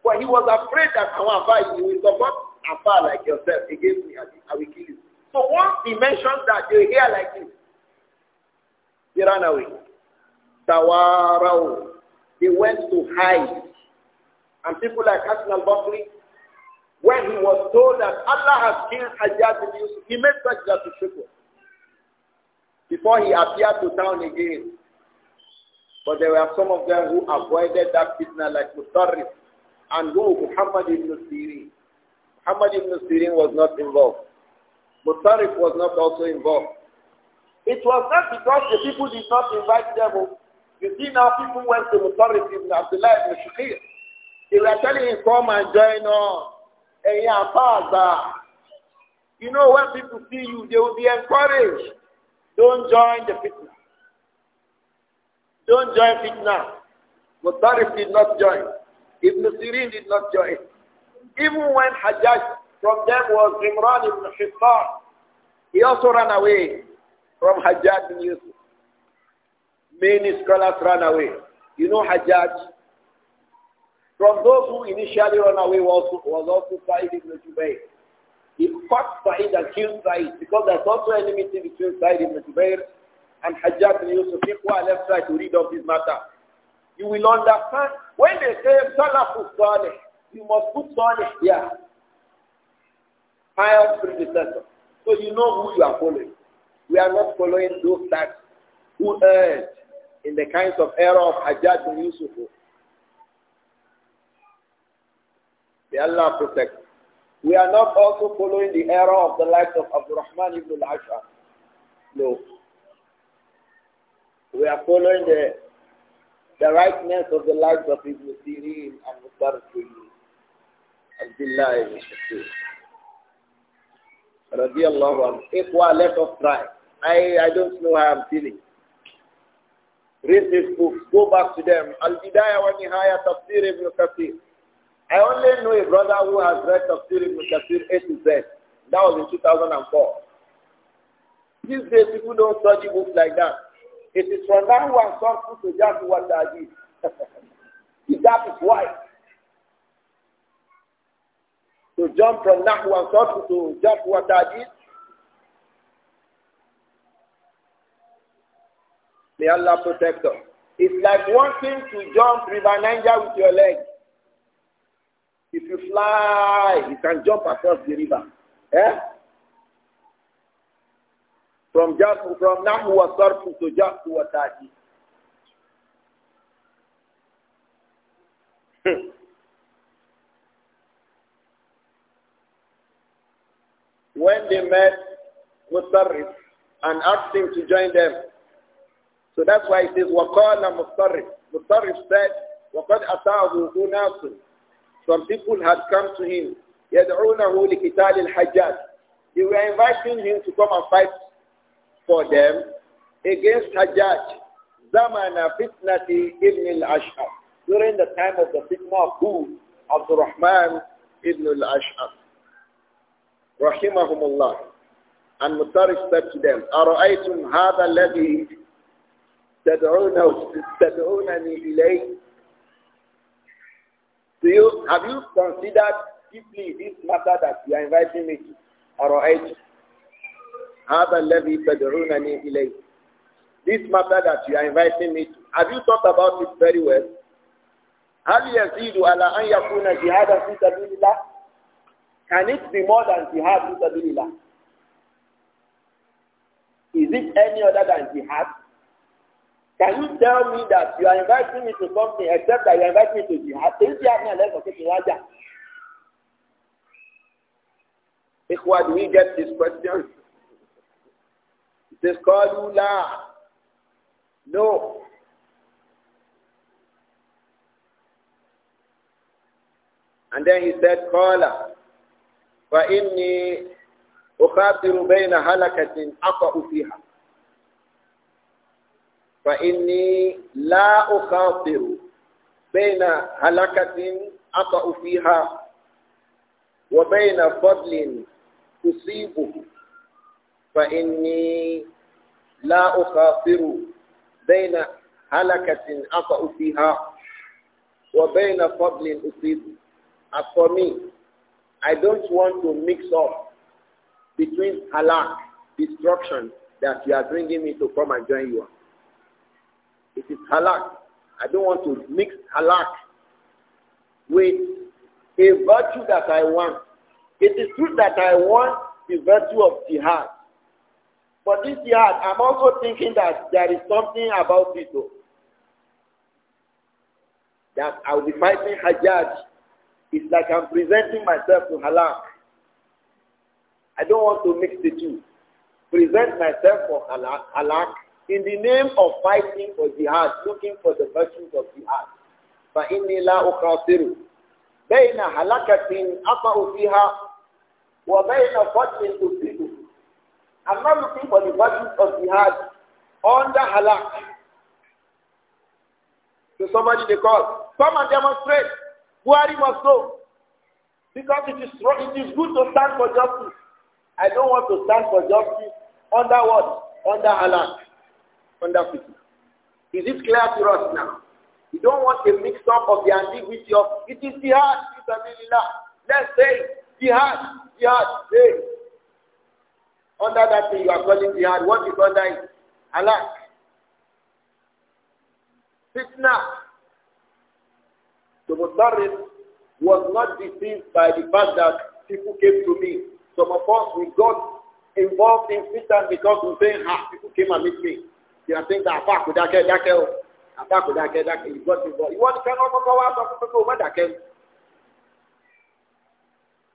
but he was afraid that our you. he will support Afa like yourself against me. I will kill you. So once he mentioned that, they hear like this. They ran away. Tawarao. He went to hide. And people like Hassan al-Bakri, when he was told that Allah has killed Hajjaj bin Yusuf, he made sajda to shukr. Before he appeared to town again. But there were some of them who avoided that fitna like Mutarrif and who Muhammad ibn Sirin. Muhammad ibn Sirin was not involved. Mutarrif was not also involved. It was not because the people did not invite them. Oh. You see now people went to Mutarrif ibn Abdullah ibn Shakir. They were telling him, come and join us. You know, when people see you, they will be encouraged. Don't join the fitna. Don't join fitna. Mutarrif did not join. Ibn Sirin did not join. Even when Hajjaj from them was Imran ibn Hibban, he also ran away from Hajjaj ibn Yusuf many scholars ran away. You know Hajjaj? From those who initially ran away was, was also Sa'id ibn Jubayr. He fought Sa'id and killed Sa'id because there's also enmity between Sa'id ibn Jubayr and Hajjaj ibn Yusuf. People are left trying to read of this matter. You will understand when they say Salafu Salih, you must put Salih here. Pious predecessor. So you know who you are following. We are not following those that who urge in the kinds of error of Hajjaj and Yusuf. May Allah protect. We are not also following the error of the likes of Rahman ibn al-Ash'ar. No. We are following the the rightness of the likes of Ibn Sirin and Mutarfi, Abdullah ibn Shakir. If we are left of try. I, I don't know how I'm feeling. Read his book. Go back to them. Al-Bidayah wa Nihaya Tafsir ibn Kathir. I only know a brother who has read Tafsir ibn Kathir A to Z. That was in 2004. These days, people don't study books like that. It is from that who has to just what I Is that is why. To jump from that one to just what I did May Allah protect us. It's like wanting to jump River Niger with your legs. If you fly, you can jump across the river. Yeah. From just from Nahu wa Sarfu to Jafu wa Taji. *laughs* when they met Mutarrif and asked him to join them, so that's why it says, وَقَالَ مُصْطَرِفْ Mutarif said, وَقَدْ أَتَاهُ أُنَاسٌ Some people had come to him, يَدْعُونَهُ لِكِتَالِ الْحَجَّاجِ They were inviting him to come and fight for them against Hajjaj, Zaman Fitnati Ibn al during the time of the fitna of who? Abdul Rahman Ibn al-Ash'ab. Rahimahumullah. And Mutarif said to them, أَرَأَيْتُمْ هَذَا الَّذِي تدعونني إليه Do you, have you considered deeply this matter that you are inviting me to? أرأيت هذا الذي تدعونني إليه This matter that you are inviting me to, have you thought about it very well? هل يزيد على أن يكون جهادا في سبيل الله؟ Can it be more than jihad في سبيل الله? Is it any other than jihad? Can you tell me that you are inviting me to something except that you are inviting me to jihad? Since you have me, let's take waja. Ikhwa, do we get this question? It is called la. No. And then he said, Qala, فَإِنِّي أُخَابِرُ بَيْنَ هَلَكَةٍ أَقَعُ فِيهَا فإني لا أخاطر بين هلكة فيها وبين فضل أصيبه فإني لا أخاطر بين هلكة فيها وبين فضل أصيبه As for me, I don't want to mix up between halak, destruction, that you are bringing me to come and join you it is halak. I don't want to mix halak with a virtue that I want. It is true that I want the virtue of jihad. But this jihad, I'm also thinking that there is something about it though. That I will be fighting Hajjaj. It's like I'm presenting myself to halak. I don't want to mix the two. Present myself for halak, halak in the name of fighting for jihad, looking for the virtues of jihad. فإني لا أخاطر بين هلكة أقع فيها وبين فضل أصيبه. I'm not looking for the virtues of jihad under halak. So somebody they call, come and demonstrate. Buhari must know Because it is, it is good to stand for justice. I don't want to stand for justice under what? Under halak under fitna. Is it clear to us now? We don't want a mix-up of the ambiguity of it is jihad, fisabilillah. Let's say jihad, jihad, Say Under that thing you are calling jihad, what is under it? Halak. Fitna. The Mustarrif was not deceived by the fact that people came to me. Some of us, we got involved in fitna because we say, ah, people came and meet me. You are saying that apart with that, that apart with that, that you got involved. You want to cannot go out of people when that came.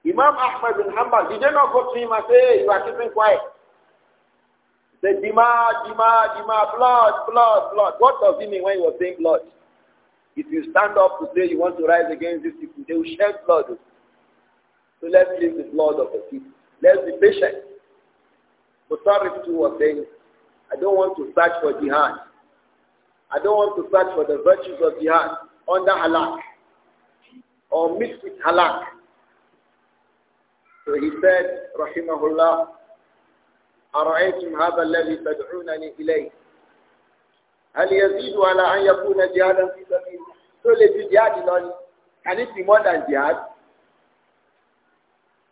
Imam Ahmad bin Hanbal, did they not go to him and say, hey, you are keeping quiet? He said, Dima, Dima, Dima, blood, blood, blood. What does he mean when he was saying blood? If you stand up to say you want to rise against this, people, they will shed blood. So let's leave the blood of the people. Let's be patient. Musarrif too was saying, I don't want to search for jihad. I don't want to search for the virtues of jihad under halak or mixed with halak. So he said, Rahimahullah, أرأيتم هذا الذي تدعونني إليه هل يزيد على أن يكون جهادا في سبيل So let jihad is Can it be more than jihad?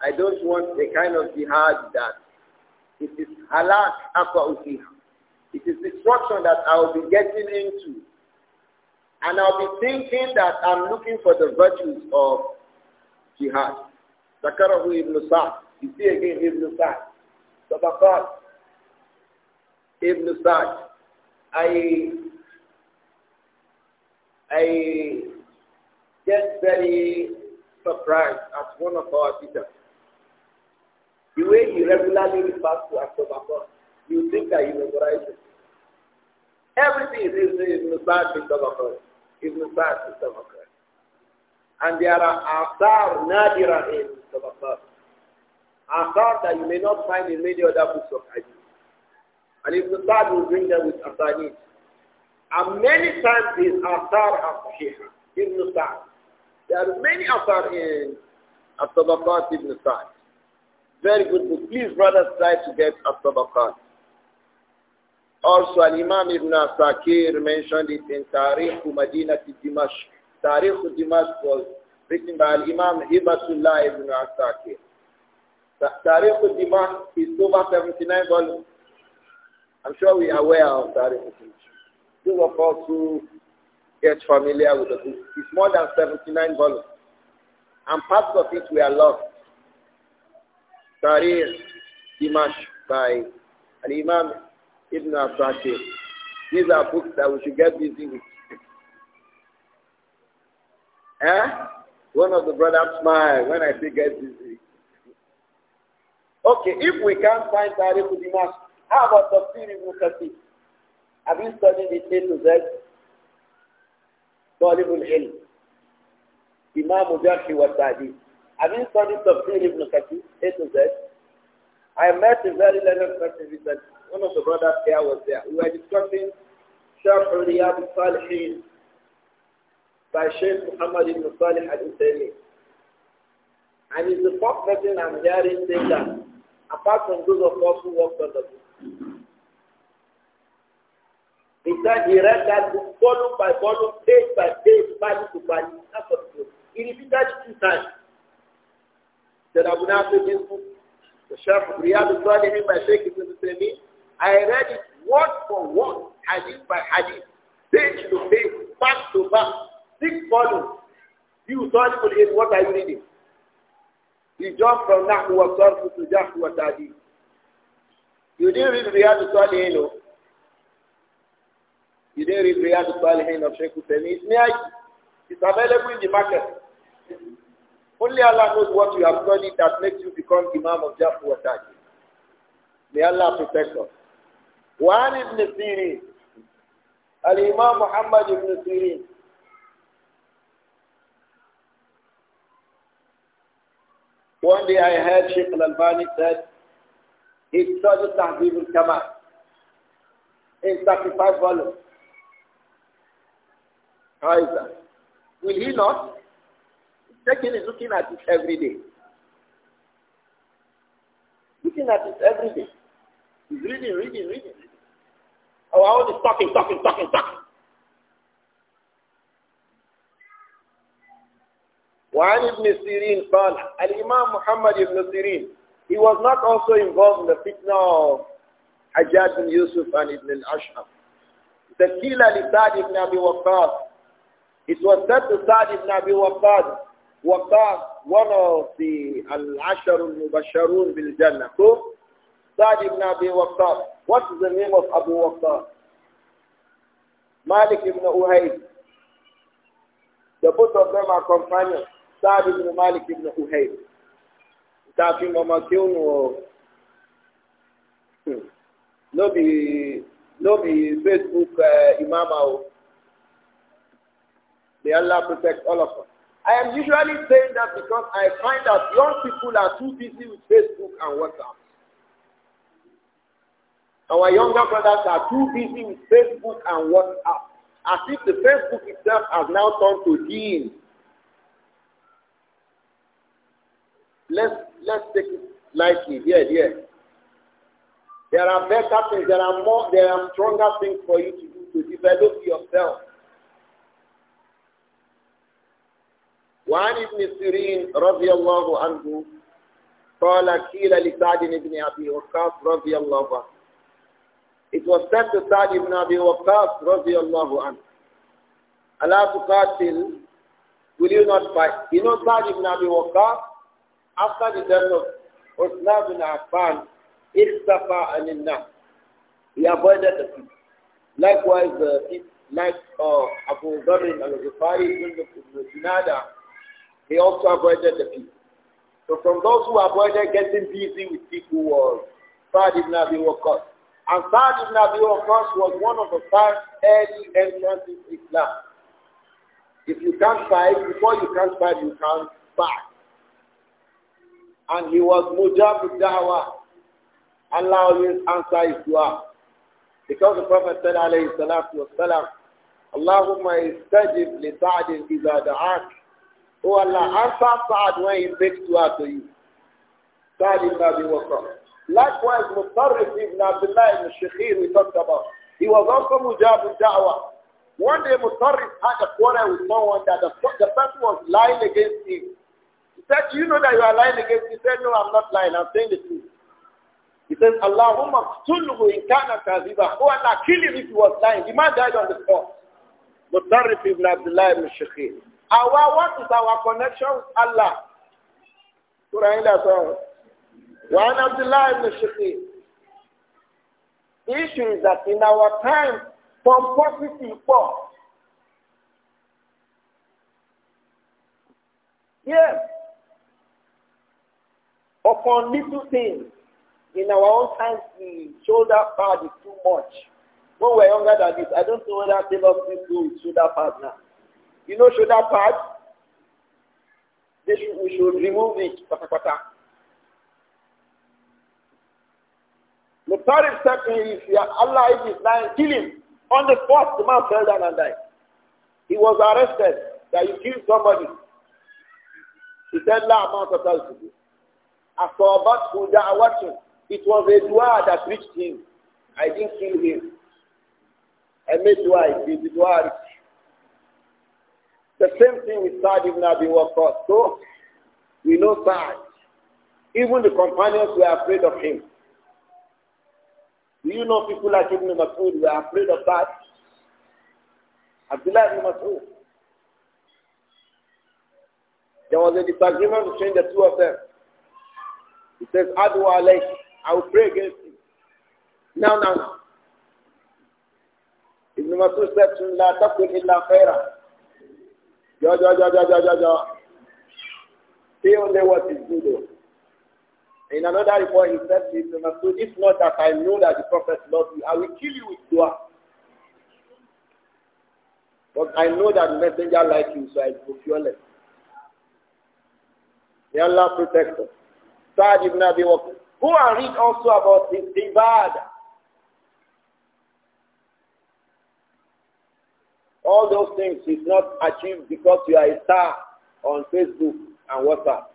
I don't want the kind of jihad that it is halak akwa فيها it is destruction that I will be getting into. And I'll be thinking that I'm looking for the virtues of jihad. Zakarahu ibn Sa'd. You see again Ibn Sa'd. Sadaqat. Ibn Sa'd. I, I get very surprised at one of our teachers. The way he regularly refers to as Sadaqat. You think that you memorize it. Everything is in the Ibn system of bin In the sa system of Tabakar. And there are Asar Nadira in the system of Tabakar. Asar that you may not find in many other books of Hadith. And Ibn the would will bring them with Asanid. And many times these Asar have Sahih. in the would There are many Asar in At-Tabaqat Ibn Sa'd. Very good book. Please, brothers, try to get At-Tabaqat. Also, imam Ibn Asakir mentioned it in Tariq Medina Dimash. Tariq Dimash was written by Al-Imam Hibatullah Ibn Asakir. Tariq Dimash is over 79 volumes. I'm sure we are aware of Tariq Dimash. Those of us who get familiar with the book, it's more than 79 volumes. And parts of it were lost. Tariq Dimash by imam Ibn Asakir. These are books that we should get busy with. Eh? One of the brothers smiled when I say get busy. Okay, if we can't find Tariq Dimash, how about the theory of Kathir? Have you studied it A to Z? طالب العلم إمام الجرح والتعديل Have you studied the theory of Kathir A to Z? I met a very learned person recently one of the brothers there was there. We were discussing Sharf Riyad al-Salihin by Sheikh Muhammad ibn Salih al-Utaymi. And it's the first person I'm hearing say that, apart from those of us who worked on the book. He said he read that book volume by volume, page by page, value to value. That's what he He repeated it two times. He said, I will now say this book. The Sharf Riyad al-Salihin by Sheikh Ibn Utaymi. I read it word for word, hadith by hadith, page to page, back to back, six volumes. You Talibul Ilm, what I'm reading? You jump from Nahwu wa Sarfu to Jahwu wa Tadi. You didn't read Riyadu Salihin, no? You didn't read Riyadu Salihin of Sheikh Hussein. It's near It's available in the market. Only Allah knows what you have studied that makes you become Imam of Jahwu wa May Allah protect us. وعن ابن سيرين الإمام محمد بن سيرين One day I heard Sheikh Al-Albani said, he studied Tahzib al-Kamal in 35 volumes. How is that? Will he not? Taking is looking at it every day. Looking at it every day. He's reading, reading, reading. Oh, all this talking, talking, talking, talking. وعن ابن سيرين قال الإمام محمد بن سيرين he was not also involved in the fitna of Hajjaj bin Yusuf and Ibn al-Ash'ab the killer of sa ibn Abi Waqqas it was said to sa ibn Abi Waqqas Waqqas one of the al asharul al-Mubasharun bil Jannah Sa'd ibn Abi Waqqas. What is the name of Abu Waqqas? Malik ibn Uhayb. The both of them are companions. Sa'd ibn Malik ibn Uhayb. Tafin ọmọ hmm. kí ó No be no be Facebook uh, May Allah protect all of us. I am usually saying that because I find that young people are too busy with Facebook and WhatsApp. Our younger brothers are too busy with Facebook and WhatsApp. As if the Facebook itself has now turned to deen. Let's, let's take it lightly. Yeah, yeah. There are better things. There are more, there are stronger things for you to do to develop yourself. وعن ابن سيرين رضي الله عنه قال كيل لسعد بن أبي وقاص رضي الله عنه it was said to Sa'd ibn Abi Waqqas radiallahu anhu, Allah tuqatil, will you not fight? You know Sa'd ibn Abi Waqqas, after the death of Uthman bin Affan, ikhtafa anillah. He avoided the people. Likewise, the uh, people like uh, Abu Dhabi al-Ghifari, ibn Junada, he also avoided the people. So from those who avoided getting busy with people was Sa'd ibn Abi Waqqas. And Sa'd ibn Abi Waqqas was one of the five early entrants in Islam. If you can't fight, before you can't fight, you can't fight. And he was Mujahid Dawah. Allah always answers his dua. Because the Prophet said, alayhi salatu wasalam, Allahumma istajib li Sa'din iza da'ak. Oh Allah, answer Sa'd when he makes dua to you. Sa'd ibn Abi Waqqas. Likewise, Mustarif ibn Abdullah ibn Shakir, we talked about. He was also Mujab al-Da'wah. One day Mustarif had a quarrel with someone that the, the person was lying against him. He said, you know that you are lying against me. He said, no, I'm not lying. I'm saying the truth. He says, Allahumma ftulhu in kana kaziba. Oh Allah, kill him if he was lying. The man died on the spot. Mustarif ibn Abdullah ibn Shakir. Our, what is our connection with Allah? Surah Allah وعن عبد الله بن الشقيق The issue is that in our time, pomposity falls. Yes. Upon little things, in our own times, the shoulder pad is too much. When we're younger than this, I don't know whether they love this do with shoulder pad now. You know shoulder pad? Should, we should remove it. The third step is, if Allah is dying, kill him. On the spot, the man fell down and died. He was arrested that you killed somebody. He said, La amount of about who they are watching. It was a dua that reached him. I didn't kill him. I made dua. He did dua The same thing with Sa'd ibn Abi Waqqas. So, we know Sa'd. Even the companions were afraid of him. Do you know people like Ibn Mas'ud were afraid of that? Abdullah ibn Mas'ud. There was a disagreement between the two of them. He says, Adu Alek, I will pray against you. Now, now, now. Ibn Mas'ud said to him, La taqul illa khaira. Ja, ja, ja, ja, ja, ja, ja. Say only what is good. Oh. In another report, he said to Ibn Masud, if not that I know that the Prophet loves you, I will kill you with dua. But I know that the messenger likes you, so I procure less. May Allah protect us. Sa'd ibn Abi Waqas. Go and read also about the ibadah. All those things is not achieved because you are a star on Facebook and WhatsApp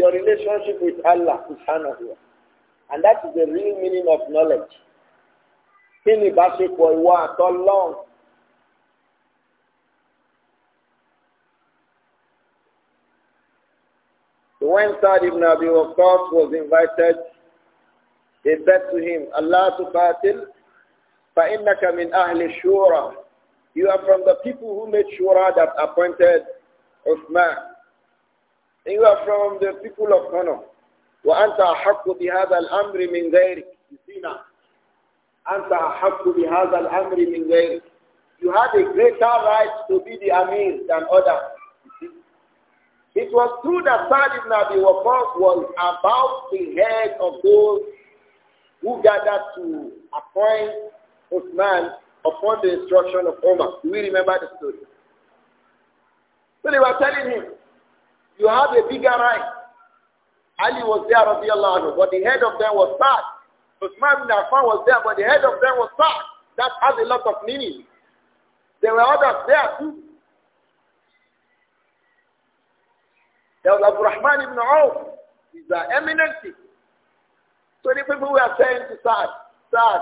your relationship with Allah subhanahu And that is the real meaning of knowledge. Kí ni ìbáṣepọ̀ ìwà àtọ́lọ́run? When Sa'd ibn Abi Waqqas was invited, they said to him, Allah tuqatil, فَإِنَّكَ مِنْ أَهْلِ shura. You are from the people who made shura that appointed Uthman. You are from the people of honor. وأنت أحق بهذا الأمر من غيرك. You أنت أحق بهذا الأمر من غيرك. You had a greater right to be the Amir than others. It was true that sa ibn Abi Waqqas was about the head of those who gathered to appoint Uthman upon the instruction of Omar. Do we remember the story? So they were telling him, you have a bigger right. Ali was there, the anhu, but the head of them was sad. Usman bin Affan was there, but the head of them was sad. That has a lot of meaning. There were others there too. There was Abu Rahman ibn Auf. He's an eminency. So the people were saying to Saad, Saad,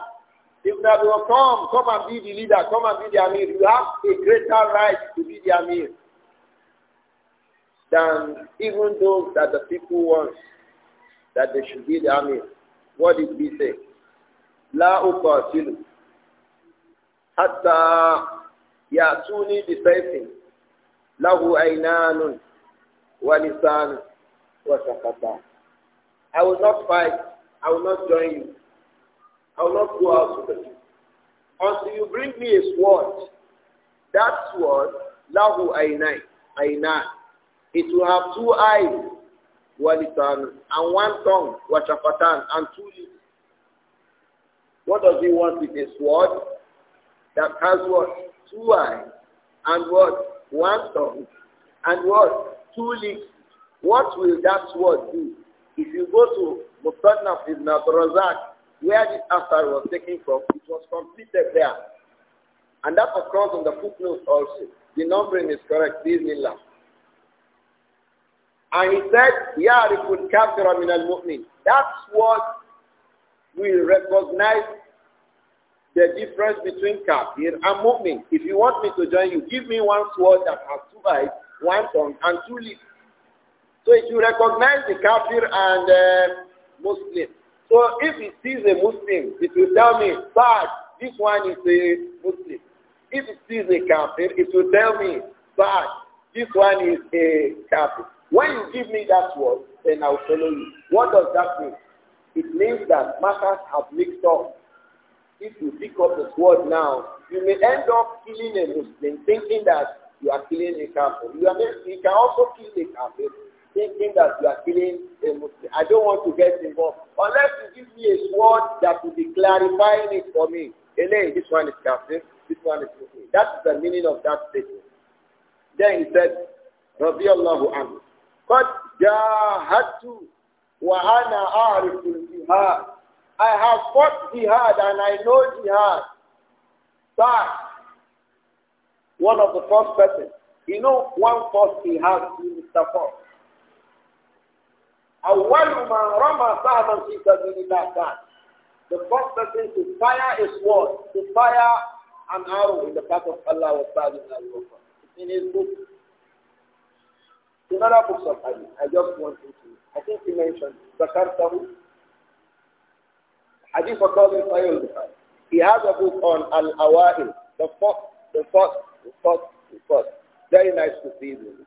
if Nabi will come, come and be the leader, come and be the Amir. You have a greater right to be the Amir than even those that the people want that they should be the army. What did he say? La uqatilu hatta ya'tuni bi sayfin lahu aynanun wa lisan wa shafatan. I will not fight. I will not join you. I will not go out with you until you bring me a sword. That sword, lahu aynan, aynan, it will have two eyes, walitan, and one tongue, wachafatan, and two lips. What does he want with a sword that has what? Two eyes, and what? One tongue, and what? Two lips. What will that sword do? If you go to Mutanaf ibn Abrazak, where this after was taken from, it was completed there. And that occurs on the footnote also. The numbering is correct, Bismillah. And he said, يَعْرِفُ الْكَافِرَ مِنَ الْمُؤْمِنِ That's what will recognize the difference between kafir and mu'min. If you want me to join you, give me one sword that has two eyes, one tongue, and two lips. So if you recognize the kafir and uh, Muslim. So if he sees a Muslim, it will tell me, bad, this one is a Muslim. If he sees a kafir, it will tell me, bad, this one is a kafir. When you give me that word, then I'll follow you. What does that mean? It means that matters have mixed up. If you pick up the sword now, you may end up killing a Muslim thinking that you are killing a kafir. You, you, can also kill a kafir thinking that you are killing a Muslim. I don't want to get involved. Unless you give me a sword that will be clarifying it for me. Hey, this one is kafir, this one is Muslim. That's the meaning of that statement. Then he said, Rabbi Allahu Anhu. قد جاهدت وأنا أعرف الجهاد I have fought jihad and I know jihad. That one of the first person. You know, one first he has in Mr. Fox. أول من رمى سهما في سبيل الله كان the first person to fire a sword, To fire an arrow in the path of Allah was sa in his book. In other books of hadith, I just want you to, I think he mentioned Zakartahu. Hadith occurs in Sahih al-Bukhari. He has a book on Al-Awa'il, the first, the first, the first, the first. Very nice to see him.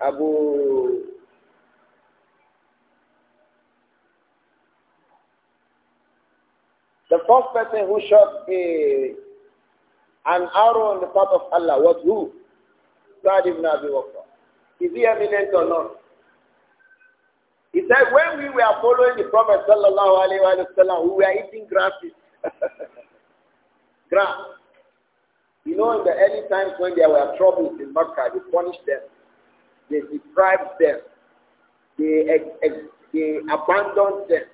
Abu The first person who shot a, an arrow on the path of Allah was who? Sa'd ibn Abi Waqqas. Is he eminent or not? He said, when we were following the Prophet sallallahu alaihi wasallam, we were eating grasses. *laughs* Grass. You know, in the early times when there were troubles in Makkah, they punished them. They deprived them. They, they abandoned them.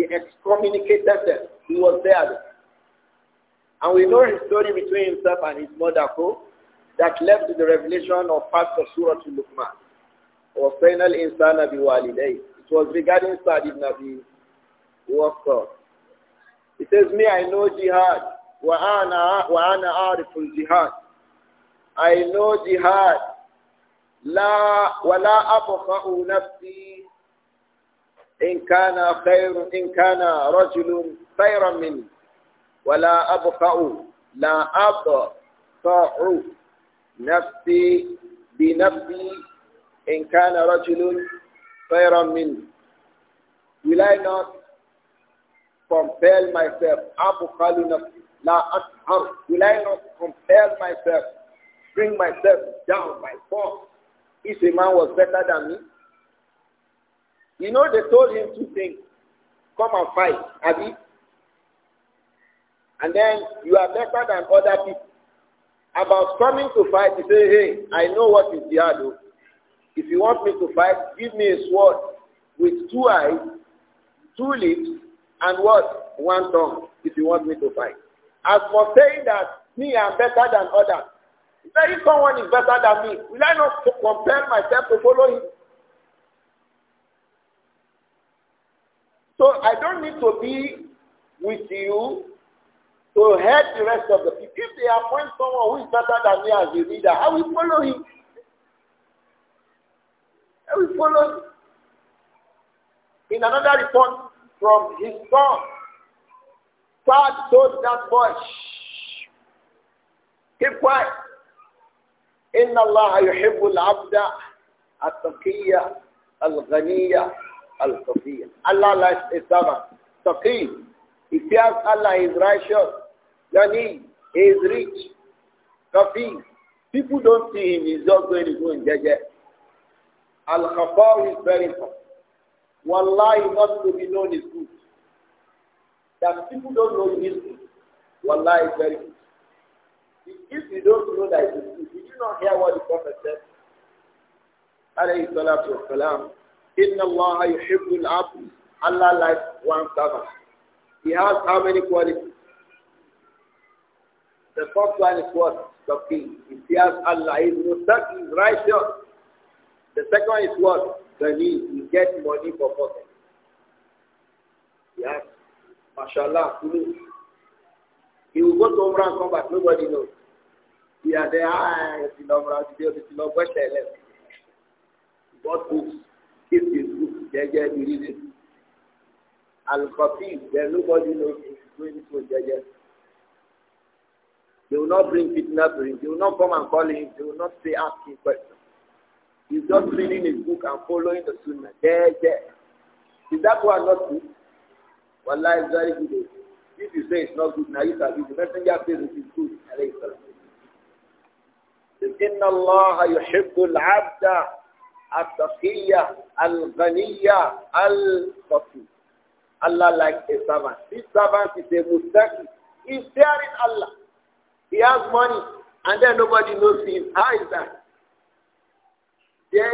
They excommunicated them. He was there. And we know his story between himself and his mother, who that left the revelation of Pastor Surah to Luqman. Or final insan It was regarding Sa'd ibn Abi Waqqar. He says, me, I know jihad. Wa ana a'riful jihad. I know jihad. La wa la abkha'u nafsi in kana khair in kana rajulun khayran minni. Wa la abkha'u la abkha'u نفسي بنفسي إن كان رجل خيرا مني Will I not compel myself أبخل نفسي لا أسهر Will I not compel myself bring myself down by force if a man was better than me? You know they told him two things. Come and fight, Abi. And then you are better than other people. About coming to fight, he say, hey, I know what is jihad. If you want me to fight, give me a sword with two eyes, two lips, and what? One tongue, if you want me to fight. As for saying that me am better than others, that if someone is better than me, will I not compel myself to follow him? So I don't need to be with you to help the rest of the people. If they appoint someone who is better than me as a leader, I will follow him. I will follow him. In another report from his son, God told that boy, Shh, keep quiet. إن الله يحب العبد التقي الغني الخفي. Allah likes a servant. Taqi. He fears Allah is righteous he is rich. Kafi, people don't see him, he's just going to go in Jeje. Al-Khafar is very important. Wallahi, not to be known is good. That people don't know him is good. Wallahi is very good. If you don't know that it's good, did you not hear what the Prophet said? Alayhi salatu wa salam. Inna Allah yuhibbul abd. Allah likes one He has how many qualities? The first one is what? Taqi. He fears Allah. He is mustaq, is righteous. The second is what? Ghani. He gets money for pocket. Yes. mashaAllah. He will go to Umrah and come back. Nobody knows. He are there. Ah, it's in Umrah. He it's in Umrah. Where the 11? He bought books. Keep his books. Jeje, he read it. Al-Khafi. There nobody knows. He's going to Jeje. They will not bring fitna to him. They will not come and call him. They will not say, asking ah, questions. He's just reading his book and following the sunnah. There, there. Is that one not good? Wallah is very good. Oh. If you say it's not good, now you can the messenger says it is good. Alayhi salam. إن الله يحب العبد التقي الغني الفقير Allah likes a servant. This servant is a mustaqi. He's fearing Allah. He has money, and then nobody knows him. How is that? Yeah,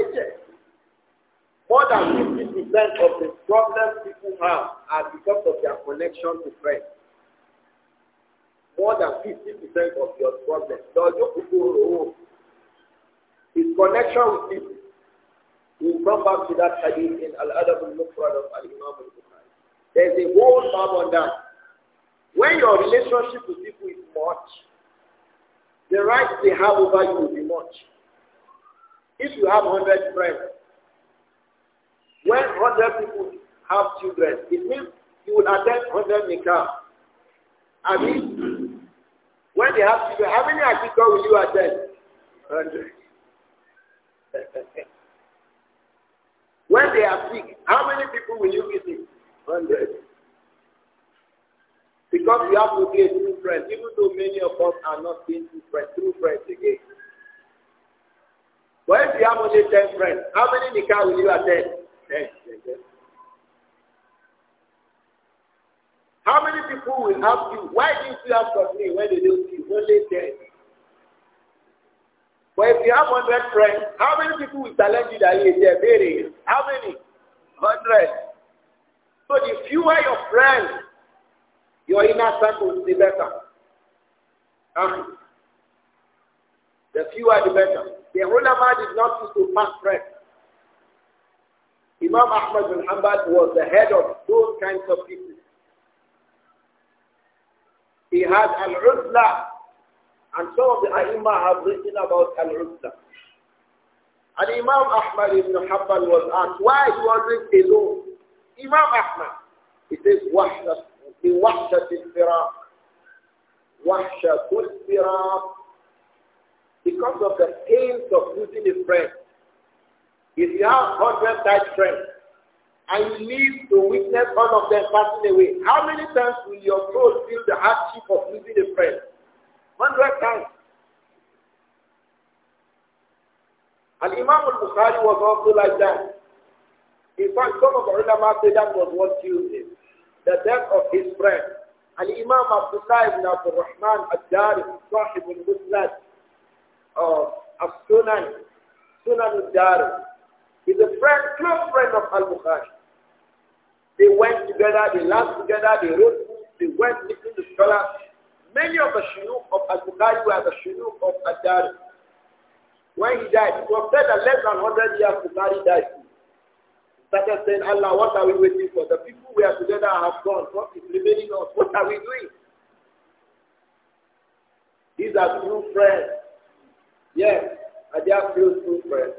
More than 50% of the problems people have are because of their connection to friends. More than 50% of your problems. His connection with people. We'll come back to that hadith in Al-Adab al-Mufrad of Al-Imam al-Bukhari. There's a whole bab on that. When your relationship with people is much, the right they have over you will be much. If you have 100 friends, when 100 people have children, it means you will attend 100 nikah. I mean, when they have children, how many people will you attend? 100. *laughs* when they are sick, how many people will you visit? 100. Because we have to be a true friend, even though many of us are not being true friends, true friends again. But if you have only 10 friends, how many nikah will you attend? 10. How many people will ask you, why didn't you ask me when they don't see only 10? But if you have 100 friends, how many people will challenge you that you are very? How many? 100. So the fewer your friends, your inner circle is the better. Ah. The fewer the better. The ulama did not used to pass bread. Imam Ahmad bin Hanbal was the head of those kinds of people. He had al-uzla, and some of the imams have written about al-uzla. And Imam Ahmad ibn Hanbal was asked, why he was alone? Imam Ahmad, he says, وَحْدَ بوحشة الفراق وحشة الفراق because of the pains of losing a friend. If you have 100 such friends and you live to witness one of them passing away, how many times will your soul feel the hardship of losing a friend? 100 times. And Imam al-Bukhari was also like that. In fact, some of the ulama say that was what killed him his friend. Al-Imam Abdullah ibn Abdul Rahman al-Dari, Sahib al-Musnad of As-Sunan, Sunan al-Dari, is a friend, close friend of Al-Bukhari. They went together, they laughed together, they wrote they went meeting the scholars. Many of the shuyukh of Al-Bukhari were the shuyukh of Al-Dari. When he died, it was said that less than 100 years Bukhari died. He started saying, Allah, what are we waiting for? The people we are together have gone. What is remaining us? What are we doing? These are true friends. Yes, and they are still true friends.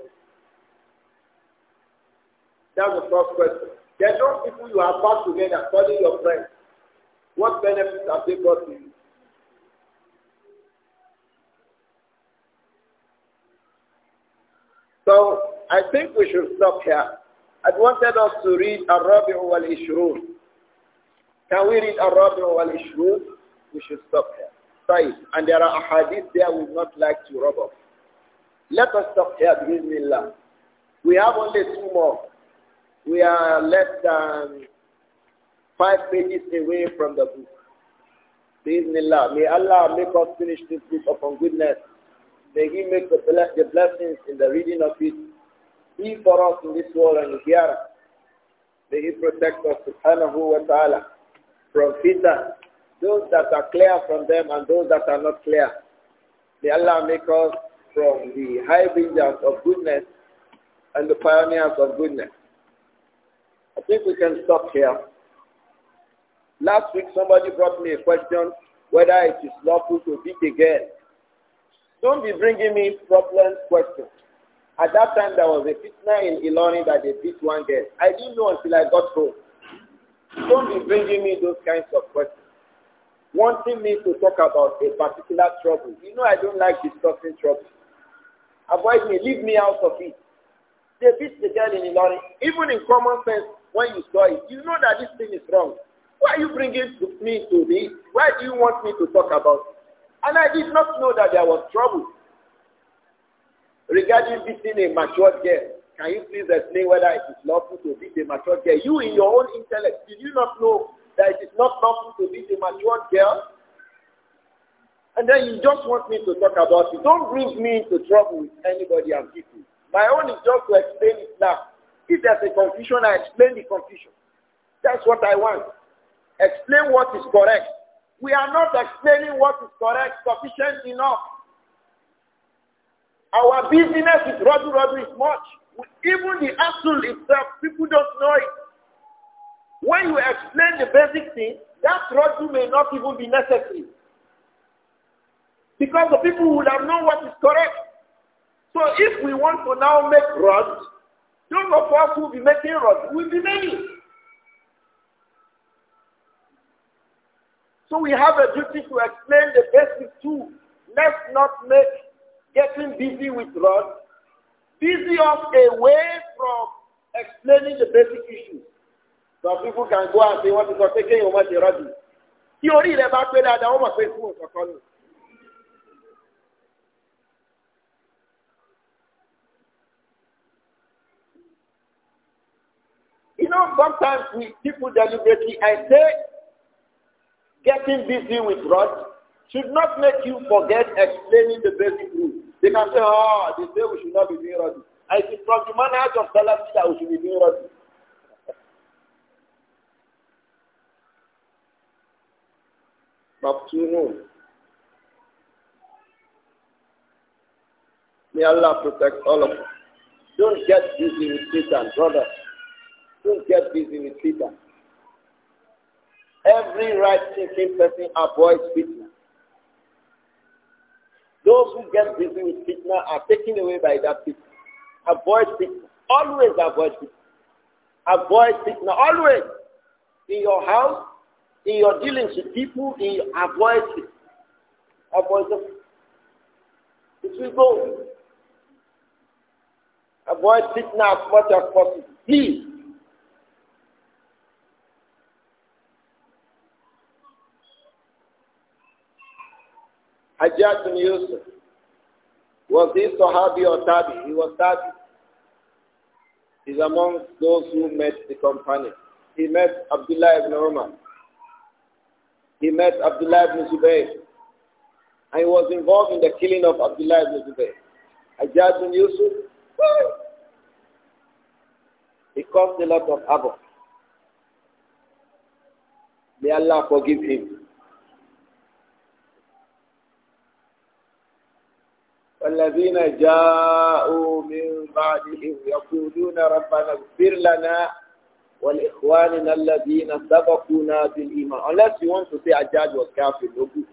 That's the first question. There are those people you have got together, calling your friends. What benefits have they brought to you? So I think we should stop here i wanted us to read Al-Rabi'u wal-Ishrun. Can we read Al-Rabi'u wal-Ishrun? We should stop here. Right. And there are hadiths there we would not like to rub off. Let us stop here, Bismillah. We have only two more. We are less than five pages away from the book. Bismillah. May Allah make us finish this book upon goodness. May He make the blessings in the reading of it be for us in this world and the hereafter. May He protect us, subhanahu wa ta'ala, from fitnah, those that are clear from them and those that are not clear. May Allah make us from the high bringers of goodness and the pioneers of goodness. I think we can stop here. Last week somebody brought me a question whether it is lawful to beat a girl. Don't be bringing me problems questions. At that time, there was a fitna in Ilani that they beat one girl. I didn't know until I got home. Don't be bringing me those kinds of questions. Wanting me to talk about a particular trouble. You know I don't like discussing trouble. Avoid me. Leave me out of it. They beat the girl in Ilani. Even in common sense, when you saw it, you know that this thing is wrong. Why are you bringing me to this? Why do you want me to talk about it? And I did not know that there was trouble. Regarding beating a matured girl, can you please explain whether it is lawful to beat a matured girl? You in your own intellect, did you not know that it is not lawful to beat a matured girl? And then you just want me to talk about it. Don't bring me into trouble with anybody and people. My own is just to explain it now. If there's a confusion, I explain the confusion. That's what I want. Explain what is correct. We are not explaining what is correct sufficient enough. Our business with Radu Radu is much. Even the Asul itself, people don't know it. When you explain the basic thing, that Radu may not even be necessary. Because the people would have known what is correct. So if we want to now make rods, those of us who will be making rods will be many. So we have a duty to explain the basic too. Let's not make getting busy with God busy us away from explaining the basic issues. so people can go and say, what is taking your money, Rodney? Tí orí rẹ̀ bá pé dáadáa, wọ́n mọ̀ pé You know, sometimes we people deliberately, I say, getting busy with God should not make you forget explaining the basic rules. They can say, oh, they say we should not be doing Radu. I see from the manner of Salafi that we should be doing Radu. Mabtunun. May Allah protect all of us. Don't get busy with Satan, brother. Don't get busy with Satan. Every right thinking person avoids fitna. those who get busy with fitna are taken away by that fitna. Avoid fitna. Always avoid fitna. Avoid fitna. Always. In your house, in your dealings with people, in your, avoid fitna. Avoid the. It will go. Avoid fitna as much as possible. Please. Hajjaj bin Yusuf. Was he Sahabi or Tabi? He was Tabi. He's among those who met the company. He met Abdullah ibn Umar. He met Abdullah ibn Zubayr. And he was involved in the killing of Abdullah ibn Zubayr. Hajjaj bin Yusuf, He caused a lot of havoc. May Allah forgive him. والذين جاءوا من بعدهم يقولون ربنا اغفر لنا والإخواننا الذين سبقونا بالإيمان unless you want to say a judge was careful, no good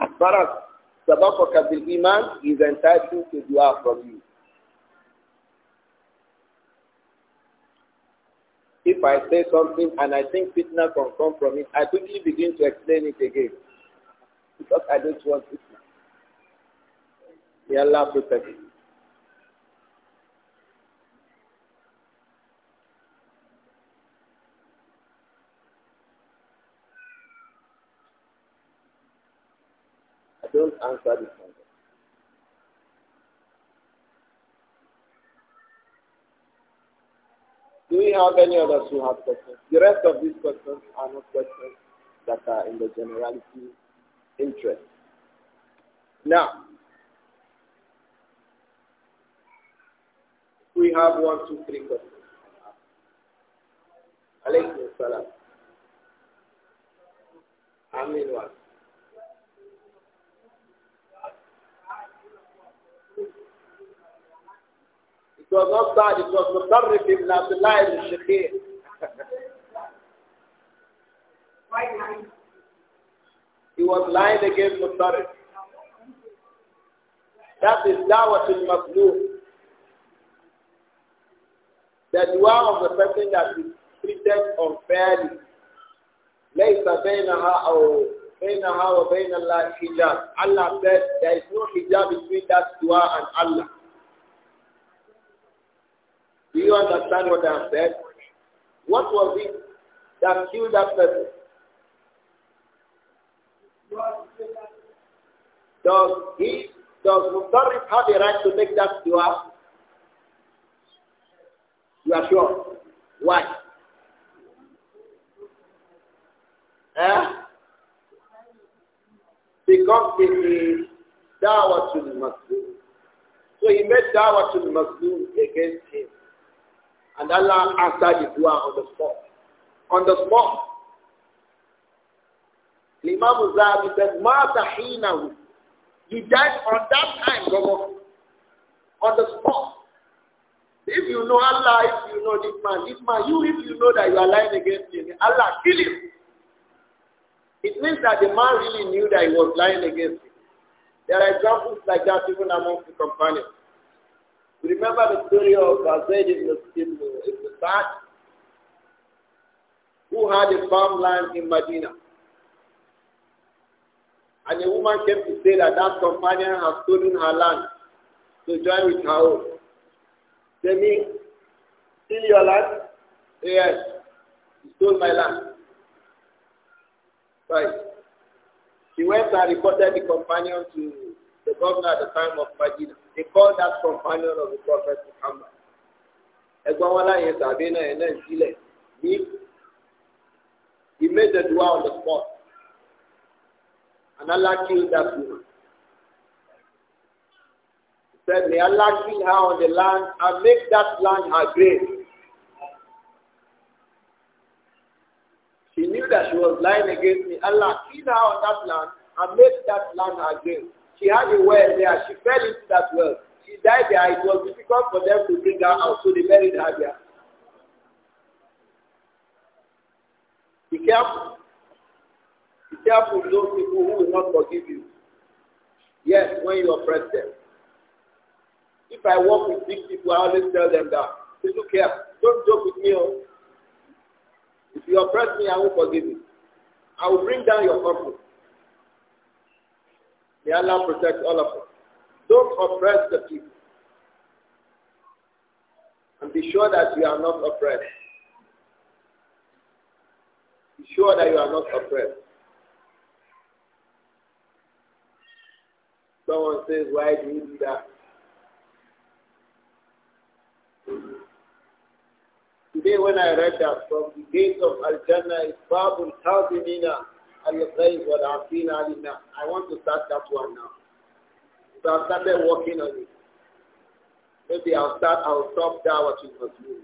as far as سبقك بالإيمان is entitled to dua from you if I say something and I think fitna can come from it I quickly begin to explain it again because I don't want it I don't answer this Do we have any others who have questions? The rest of these questions are not questions that are in the generality interest. Now, We have one, two, three questions. Alaykum salam. Amin wa. It was not that, it was Mutarrif ibn Abdullah ibn Shakhir. he was lying against Mutarrif. That is Dawah al-Maslum. The dua of the person that is treated unfairly. ليس بينها أو بينها وبين الله حجاب. Allah said there is no hijab between that dua and Allah. Do you understand what I said? What was it that killed that person? Does he, does Mutarrif have the right to make that dua? You are sure? Why? Eh? Because it is Dawatul Masloom. So he made Dawatul Masloom against him. And Allah answered the dua on the spot. On the spot. Imam Zahabi said, Ma tahinahu. He died on that time, brother. On the spot. If you know Allah, if you know this man, this man, you if you know that you are lying against him, Allah, kill him. It means that the man really knew that he was lying against him. There are examples like that even among the companions. You remember the story of Zayd ibn, ibn, in the would who had a farmland in Medina. And a woman came to say that that companion has stolen her land to join with her own. They mean, steal your land? Yes. He stole my land. Right. He went and reported the companion to the governor at the time of Medina. They called that companion of the Prophet to come. back. láyé tàbí náà ẹ̀ náà sílẹ̀ he made the dua on the spot. And Allah killed that woman said, May Allah kill her on the land and make that land her grave. She knew that she was lying against me. Allah kill her on that land and make that land her grave. She had a well there. She fell into that well. She died there. It was difficult for them to bring her out, so they buried her there. Be careful. Be careful with those people who will not forgive you. Yes, when you oppress them. If I work with big people, I always tell them that, please look here, don't joke with me. Oh. If you oppress me, I will forgive you. I will bring down your company. May Allah protect all of us. Don't oppress the people. And be sure that you are not oppressed. Be sure that you are not oppressed. Someone says, why do you do that? Today when I read that from the gates of Al-Jannah is Babul Khazimina Al-Ghayb Wal-Afin Alina. I want to start that one now. So I started working on it. Maybe I'll start, I'll stop that what it was doing.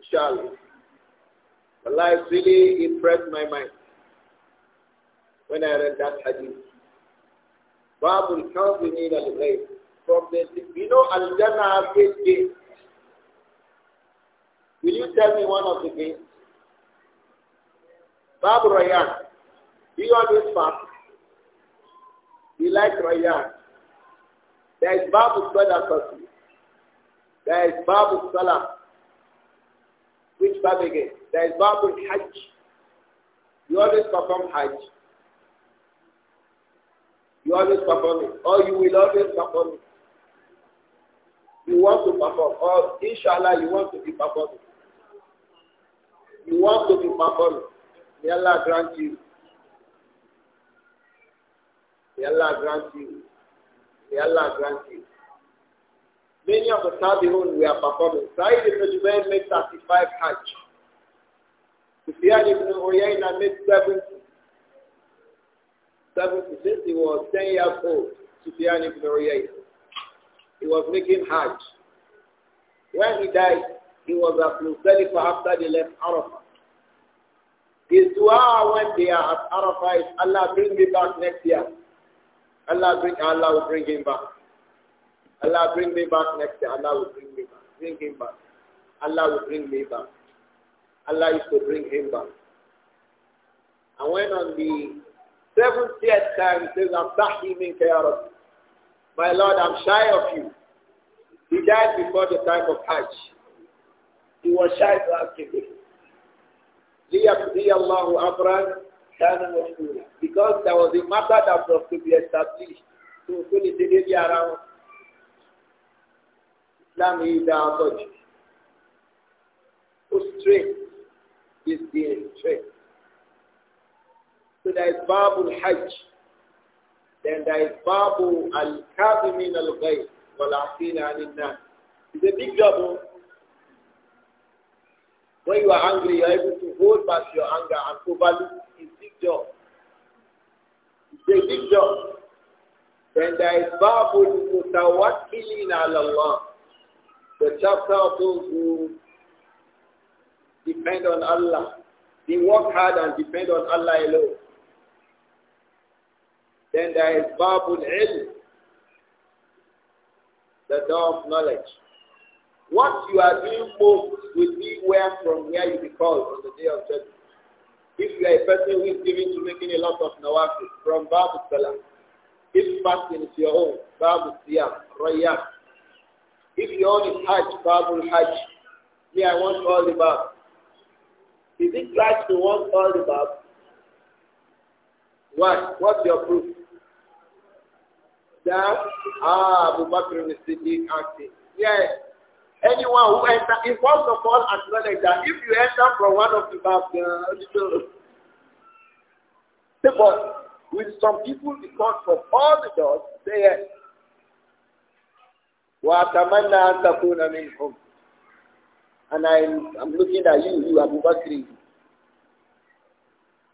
Inshallah. life really impressed my mind when I read that hadith. Babul Khazimina Al-Ghayb. From the, you know Al-Jannah has eight gates. Will you tell me one of the games? Bab Rayyan. Do you always fast? You like Rayyan. There is Babu you. There is Babu Salah. Which Bab again? There is Babu Hajj. You always perform Hajj. You always perform it. Or you will always perform it. You want to perform. Or inshallah you want to be performing. You want to be performed. May Allah grant you. May Allah grant you. May Allah grant you. Many of the we are performing. Said ibn Jubair made 35 Hajj. Sufyan ibn Uyayna made 70. 70 since he was 10 years old. Sufyan ibn Uyayna. He was making Hajj. When he died, he was at Muzdalifah after they left Arafah. His dua when they are at Arafah is, Allah bring me back next year. Allah bring, Allah will bring him back. Allah bring me back next year. Allah will bring me back. Bring him back. Allah will bring me back. Allah is to bring him back. And when on the seventh time, he says, I'm tahiming My Lord, I'm shy of you. He died before the time of Hajj. He was shy to ask him this. لِيَقْضِيَ اللَّهُ أَمْرًا كَانَ مَفْعُولًا Because there was a matter that was to be established. to fulfill it immediately around. Islam is the touch. So strength is the strength. So there is Babu al-Hajj. Then there is Babu al-Kazimin al-Ghayb wal-Afina al-Nas. It's a big job. Oh. When you are angry, you are able to hold back your anger and overlook his big job. It's a big job. Then there is Babul Mutawakkilin Allah, the chapter of those who depend on Allah. They work hard and depend on Allah alone. Then there is Babul Ilm, the door of knowledge. What you are doing most will be where from where you be called on the day of judgment. If you are a person who is giving to making a lot of nawafil from Babu Salah, if fasting is your own, Babu Siyam, Raya. If your own is Hajj, Babu Hajj. Me, I want all the Babu. Is it right to want all the Babu? What? What's your proof? That, ah, Abu Bakr is sitting acting. Yes, Anyone who enters, if first of all acknowledge that if you enter from one of the baths, uh, but with some people because from all the doors, they yes. وأتمنى أن تكون منكم and I'm, I'm looking at you, you Abu Bakr.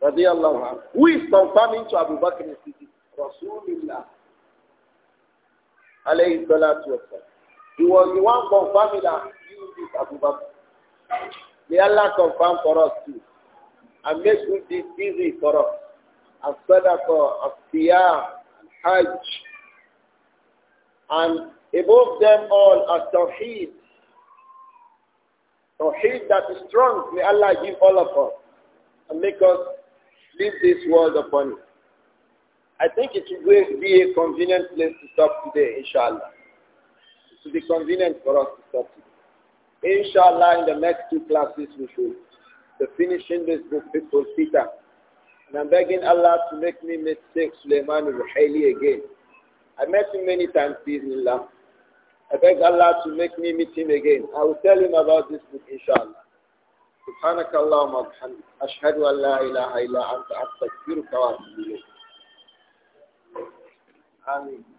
Radiallahu Who is confirming to Abu Bakr Siddiq? Rasulullah. Alayhi salatu wa he was the one confirming that you this Abu Bakr. May Allah confirm for us too. And make good this easy for us. As sadaqah, as siyam, hajj. And above them all, as tawheed. Tawheed that is strong. May Allah give all of us. And make us leave this world upon it. I think it will be a convenient place to stop today, inshallah. To be convenient for us to study. Inshallah, in the next two classes, we should be finishing this book, People Peter. And I'm begging Allah to make me mistake Suleiman Ruhaili again. I met him many times, Bismillah. I beg Allah to make me meet him again. I will tell him about this book, inshallah. سبحانك اللهم وبحمدك أشهد أن لا إله إلا أنت أستغفرك وأتوب إليك آمين